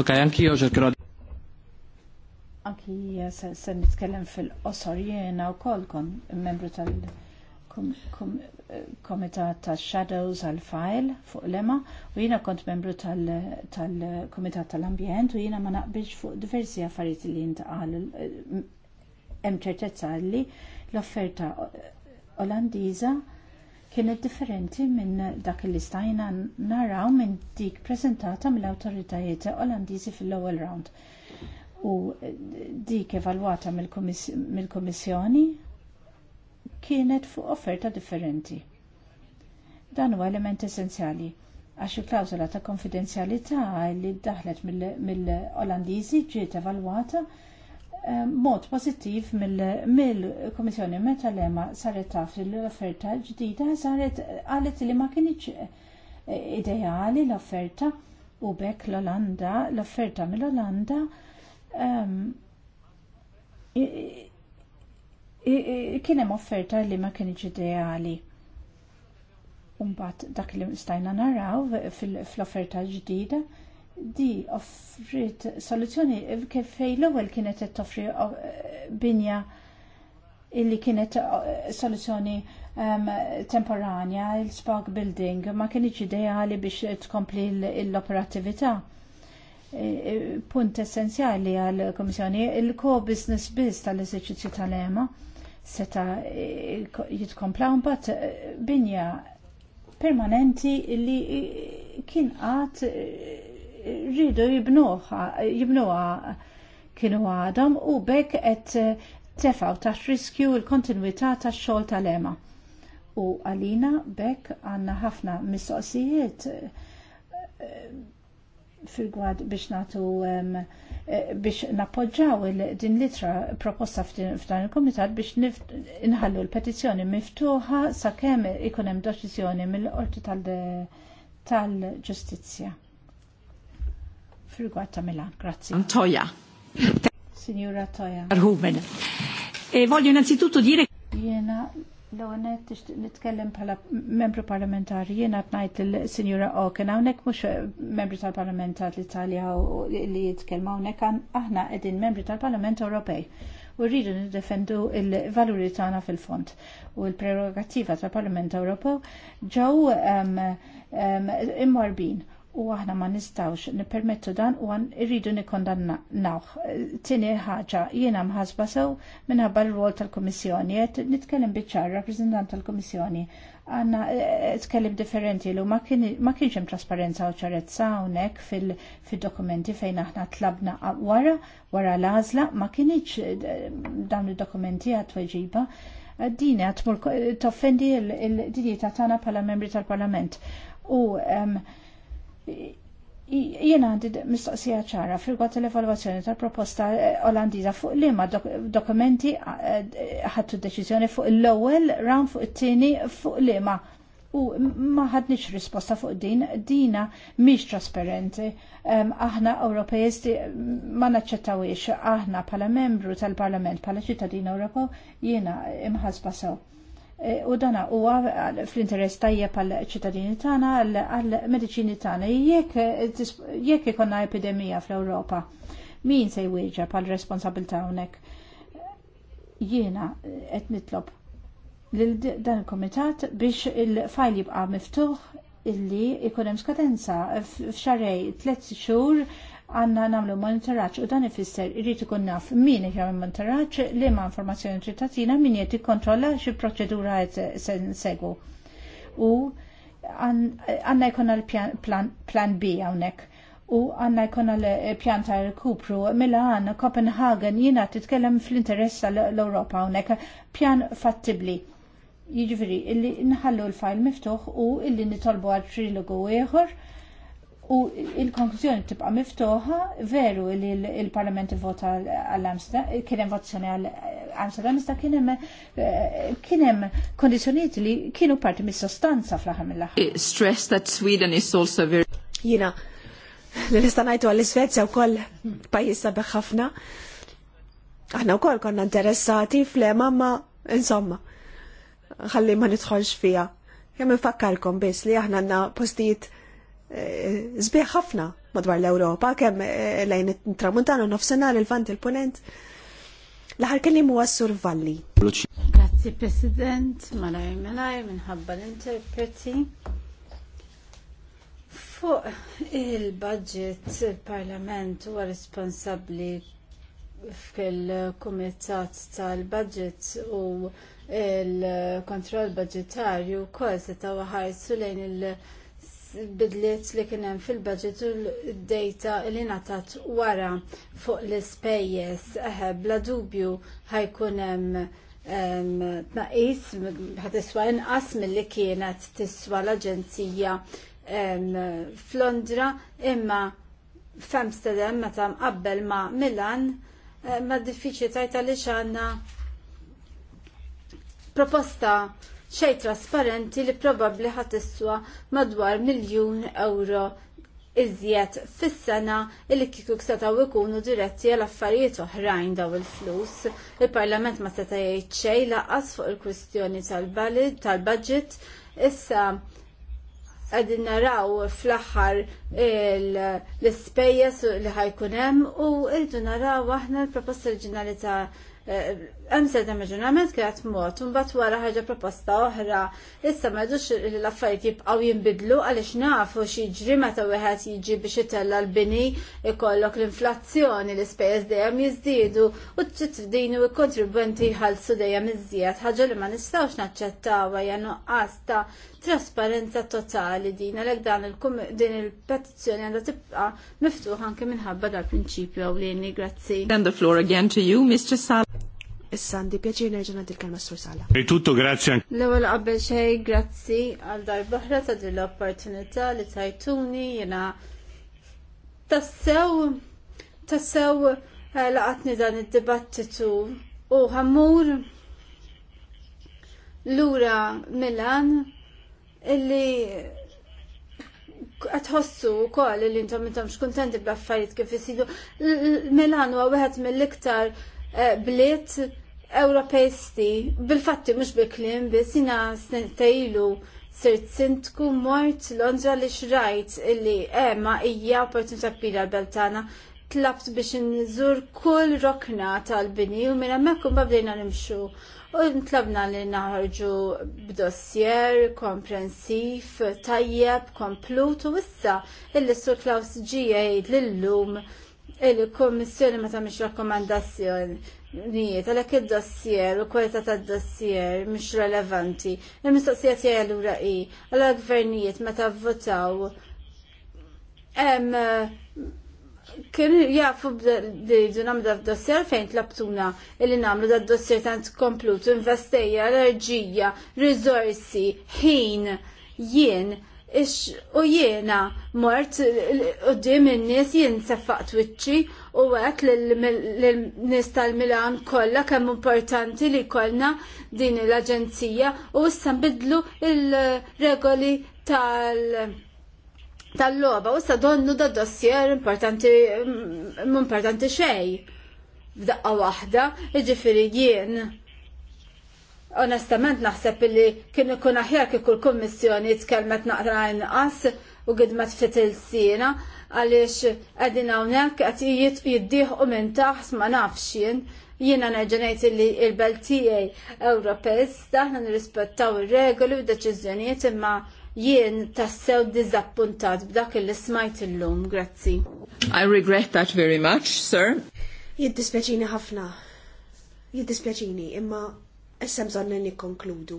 Ok, anki io cercherò Anki se nitkellem fil-qosor jiena wkoll kon membru tal-Komitat tax-Shadows għal file fuq lema u jiena kont membru tal-Komitat tal-Ambjent u jiena ma naqbilx fuq diversi affarijiet li intqal hemm ċertezza li l-offerta Olandiża kienet differenti minn dak li stajna naraw minn dik preżentata mill-awtoritajiet Olandiżi fil-ewwel round u eh, dik evalwata mill-Komissjoni kienet fuq offerta differenti. Dan huwa element essenzjali għax il klawzola ta' konfidenzjalità li ddaħlet mill-Olandiżi ġiet evalwata eh, mod pozittiv mill-Komissjoni meta lema saret taf l-offerta ġdida saret għalet li ma kienieċ eh, ideali l-offerta u bekk l-Olanda, l-offerta mill-Olanda Kien hemm offerta li ma kienx ideali. Umbat dak li stajna naraw fl-offerta ġdida di offrit soluzzjoni kif fej l-ewwel kienet qed toffri binja illi kienet soluzzjoni temporanja, il-spark building, ma kienx ideali biex tkompli l-operattività. Eh, eh, punt essenzjali għall-Komissjoni, il-co-business biz tal-eżerċizzju tal-EMA seta eh, jitkompla mbagħad binja permanenti li kien qatt rridu jibnuha jibnuha kienu għadhom u bekk qed tefgħu taħt riskju l-kontinuità tax-xogħol tal-ema. U għalina bekk għandna ħafna mistoqsijiet fil-gwad biex natu eh, biex nappoġġaw din litra proposta f'dan il-komitat biex inħallu l-petizzjoni miftuħa sakemm ikun hemm deċiżjoni mill-qorti tal-ġustizzja. Fil-gwad ta' Milan, grazzi. Toja. Signora Toja. Arhumen. Eh, voglio innanzitutto dire Jena L-għonet nitkellem bħala membru parlamentari jiena tnajt l sinjura Oken hawnhekk mhux eh, membru tal-Parlament tal-Italja li jitkellem hawnhekk aħna qegħdin membri tal-Parlament Ewropej u rridu niddefendu il-valuri tagħna fil-fond u l-prerogattiva tal-Parlament Ewropew ġew immorbin u aħna ma nistawx nipermettu dan u għan irridu nikondannawħ. Tini ħaġa, jiena mħasba sew minħabba l-rol tal-Komissjoni, qed nitkellem biċar, rappreżentant tal-Komissjoni, għanna eh, tkellim differenti l ma kienx hemm trasparenza u ċarezza hawnhekk fil-dokumenti fejn aħna tlabna wara wara l-għażla ma kienx eh, dawn id-dokumenti għat weġiba dini għatmur toffendi il-dinjita tagħna bħala membri tal-Parlament. U um, Jiena għandi mistoqsija ċara fil-għat l-evaluazzjoni tal-proposta eh, Olandiża fuq li ma dokumenti eh, ħattu deċiżjoni fuq l-ewwel ram fuq it-tieni fuq li ma u ma ħadniex risposta fuq din dina mhix trasparenti. Aħna Ewropejisti mm, ma naċċettawiex aħna bħala membru tal-Parlament bħala ċittadin Ewropew jiena imħasba sew. Eh, u dana huwa fl-interess tajjeb għal ċittadini tagħna għal mediċini tagħna jekk eh, jekk ikonna epidemija fl-Ewropa. Min se jwieġeb għal responsabilità hawnhekk? Jiena eh, qed nitlob dan il-komitat biex il-fajl jibqa' miftuħ illi ikun hemm skadenza f'xarrej tliet xhur għanna namlu monitoraċ u dan ifisser irrit ikun naf min minn monitoraċ li ma informazzjoni trittatina min jieti ikkontrolla xi proċedura qed se nsegwu. U għanna jkun l-plan B hawnhekk u għanna jkun l-pjan ta' rikupru mela għanna Copenhagen jina titkellem fl-interess tal-Europa hawnhekk pjan fattibli. Jiġifieri illi nħallu l-fajl miftuħ u illi nitolbu għal trilogu ieħor U il-konklużjoni tibqa' miftuħa veru li l-Parlament vota għall-Amsterdam kien hemm votazzjoni għall-Amsterdam iżda kien hemm eh, kien hemm kondizzjonijiet li kienu parti mis-sostanza fl-aħħar mill-aħħar. Stress that Sweden is also very Jiena li nista' ngħidu għall-Iżvezja wkoll pajjiż sabeħ ħafna. Aħna wkoll konna interessati fl-ema ma insomma ħalli ma nidħolx fija. Kemm infakkarkom biss li aħna għandna postijiet Eh, zbieħ ħafna madwar l-Ewropa, kemm eh, lejn it-tramuntana nofsinhar il-vant il-punent. L-aħħar kellim huwa Survalli. Grazzi President, malaj malaj minħabba l-interpreti. Fuq il-budget il-Parlament huwa responsabbli f'kell kumitat tal-budget u il-kontroll budgetarju kol se tawaħarsu lejn il- bidliet li kien hemm fil-budget u d data li ngħatat wara fuq l-ispejjeż bla dubju ħajkun hemm tnaqis iswa inqas milli kienet tiswa l-Aġenzija f'Londra imma f'Amsterdam meta mqabbel ma' Milan ma' diffiċi tajta li xanna proposta xej trasparenti li probabli ħatisswa madwar miljun euro iżjed fis-sena li kieku setaw ikunu diretti għal affarijiet oħrajn daw il-flus. Il-Parlament ma seta jgħid xejn laqas fuq il-kwistjoni tal-budget. Issa qegħdin naraw fl-axħar l-spejjes li ħajkun hemm u rridu naraw aħna l-proposta oriġinali ta' eh, hemm seda maġunament kienet mod un mbagħad wara ħaġa proposta oħra. Issa m'għadux li l-affarijiet jibqgħu jinbidlu għaliex nafu ġrima meta wieħed jiġi biex jitella l-bini ikollok l-inflazzjoni l-ispejjeż dejjem jiżdiedu u t-tfdini u kontribwenti jħallsu dejjem iżjed ħaġa li ma nistgħux naċċettawha hija nuqqas ta' trasparenza totali din għalhekk dan din il-petizzjoni għandha tibqa' miftuħan anke minħabba dal-prinċipju għawlieni, grazzi. And the floor again to you, Mr. Sal. Issa għandi pjaċir nerġa' nagħti l-kelma s sala. Tutto grazie. L-ewwel qabel xejn grazie għal darb'oħra ta' din l-opportunità li tajtuni jena tassew tassew eh, laqatni dan id-dibattitu u ħammur lura Milan illi għatħossu kol li intom intom xkontenti bl-affarijiet kif jisidu. Milan huwa wieħed mill-iktar eh, bliet Ewropesti, bil-fatti mux bil-klim, bis jina snettajlu sirt sintku mort Londra li xrajt illi emma ija opportunità kbira beltana tlabt biex nżur kull rokna tal-bini u minna mekkum bablina nimxu. U ntlabna li naħarġu b'dossier komprensif, tajjeb, komplut u issa illi sur Klaus ġija jgħid l-lum il-Kommissjoni ma tagħmilx rakkomandazzjonijiet għalhekk id-dossier u kwalità tad-dossier mhix relevanti. Il-mistoqsija tiegħi allura hi għal gvernijiet meta vvotaw kienu jafu b'didu d dossier fejn tlabtuna illi namlu da dossier tant komplut, investejja, enerġija, rizorsi, ħin, jien ix u jiena mort u in-nies jien seffaq twitċi u għat l-nies tal-Milan kollha kemm importanti li kolna din l-aġenzija u issa bidlu il-regoli tal- tal-loba, u issa donnu da dossier importanti, mm, importanti xej. F'daqqa waħda, iġifiri jien onestament naħseb li kien ikun aħjar kif kull kummissjoni tkellmet naqra inqas u gidmet fit il-sina għaliex qegħdin hawnhekk qed jiddieħqu minn taħs ma nafx jien jiena neġenajt li l-belt tiegħi Ewropejista aħna nirrispettaw ir-regoli u deċiżjonijiet imma jien tassew diżappuntat b'dak li smajt illum, grazzi. I regret that very much, sir. Jiddispjaċini ħafna. Jiddispjaċini, imma Issa bżonn nikkonkludu.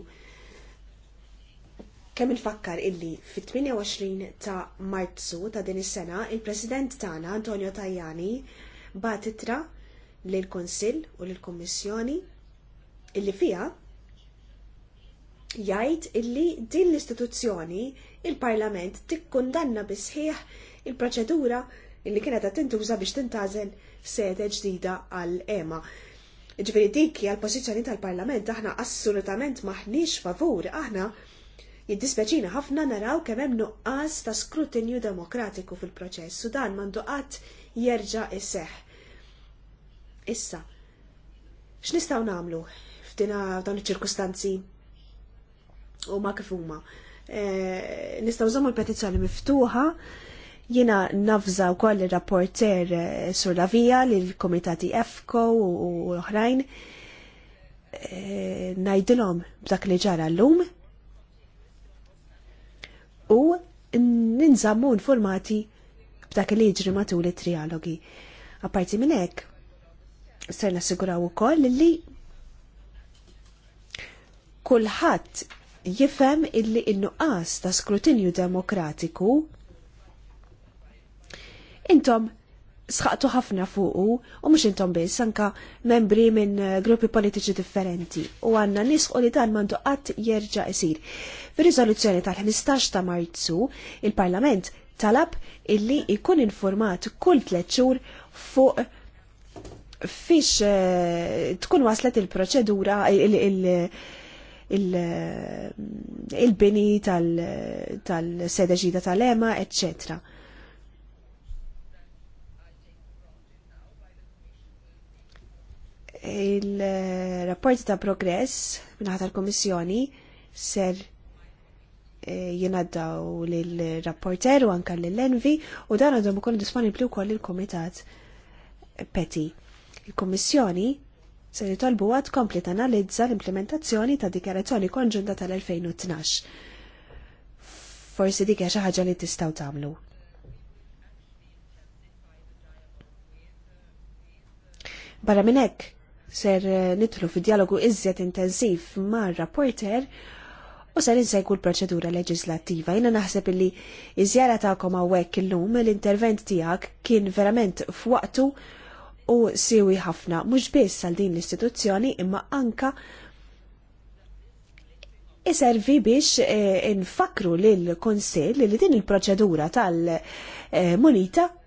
Kemm infakkar illi fit-28 ta' Marzu ta' din is-sena il-President tagħna Antonio Tajani bat itra lil konsil u lil kommissjoni illi fija jgħid illi din l-istituzzjoni il-Parlament tikkundanna bisħieħ il-proċedura illi kienet tintuża biex tintażel sede ġdida għal EMA. Ġveri dik għal pozizjoni pożizzjoni tal-Parlament aħna assolutament maħniex favur, aħna jiddispeċina ħafna naraw kemm hemm nuqqas ta' skrutinju demokratiku fil-proċess u dan m'għandu qatt jerġa' isseħ. Issa, x'nistgħu nagħmlu f'dina dawn iċ-ċirkustanzi u ma kif huma. Eh, nistgħu żommu l-petizzjoni miftuħa Jina nafza u koll il-rapporter eh, sur la via li l-komitati EFCO u oħrajn eh, najdilom b'dak li ġara l-lum u ninżammu informati b'dak li ġri matul it-trialogi. Apparti minn hekk, ser u ukoll li kulħadd jifhem illi n-nuqqas ta' skrutinju demokratiku intom sħaqtu ħafna fuqu u mux intom biss anka membri minn eh, gruppi politiċi differenti u għanna u li dan mandu qatt jerġa' isir. Fir-riżoluzzjoni tal-15 ta' Marzu, il-Parlament talab illi ikun informat kull tliet xhur fuq fiex eh, tkun waslet il-proċedura eh, il-bini tal sedeġida ġida tal-ema, eccetera. il-rapporti ta' progress minnaħat tal-Komissjoni ser eh, jenaddaw l-rapporter u anka l-envi u dan għadhom ukoll disponibli wkoll il-Komitat Peti. Il-Komissjoni se jitolbu għad kompli tanalizza l-implementazzjoni ta' dikjarazzjoni konġunta tal-2012. Forsi dik hija xi ħaġa li tistgħu tagħmlu. Barra minn hekk, ser eh, nitlu fi dialogu iżjed intensiv mar rapporter u ser insegwu l-proċedura leġislattiva. Jina naħseb illi iżjara ta' koma illum l-intervent tijak kien verament f'waqtu u siwi ħafna, mux biss għal din l-istituzzjoni imma anka iservi biex eh, infakru l konsil li din il-proċedura tal-munita eh,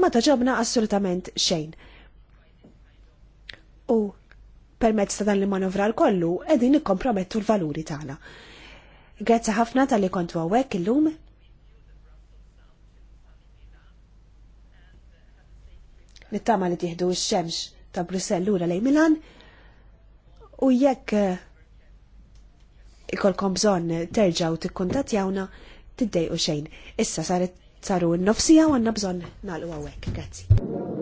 ma taġobna assolutament xejn. U permezz ta' dan li manovra l-kollu, edin nikkompromettu l-valuri tagħna. Grazzi ħafna tal-li kontu għawek illum. Nittama li tieħdu x-xemx ta' Brussell lura lejn Milan u jekk eh, ikolkom bżonn terġaw tikkuntattjawna tiddejqu xejn. Issa saret saru n-nofsija u għanna bżon nalqu għawek. Grazzi.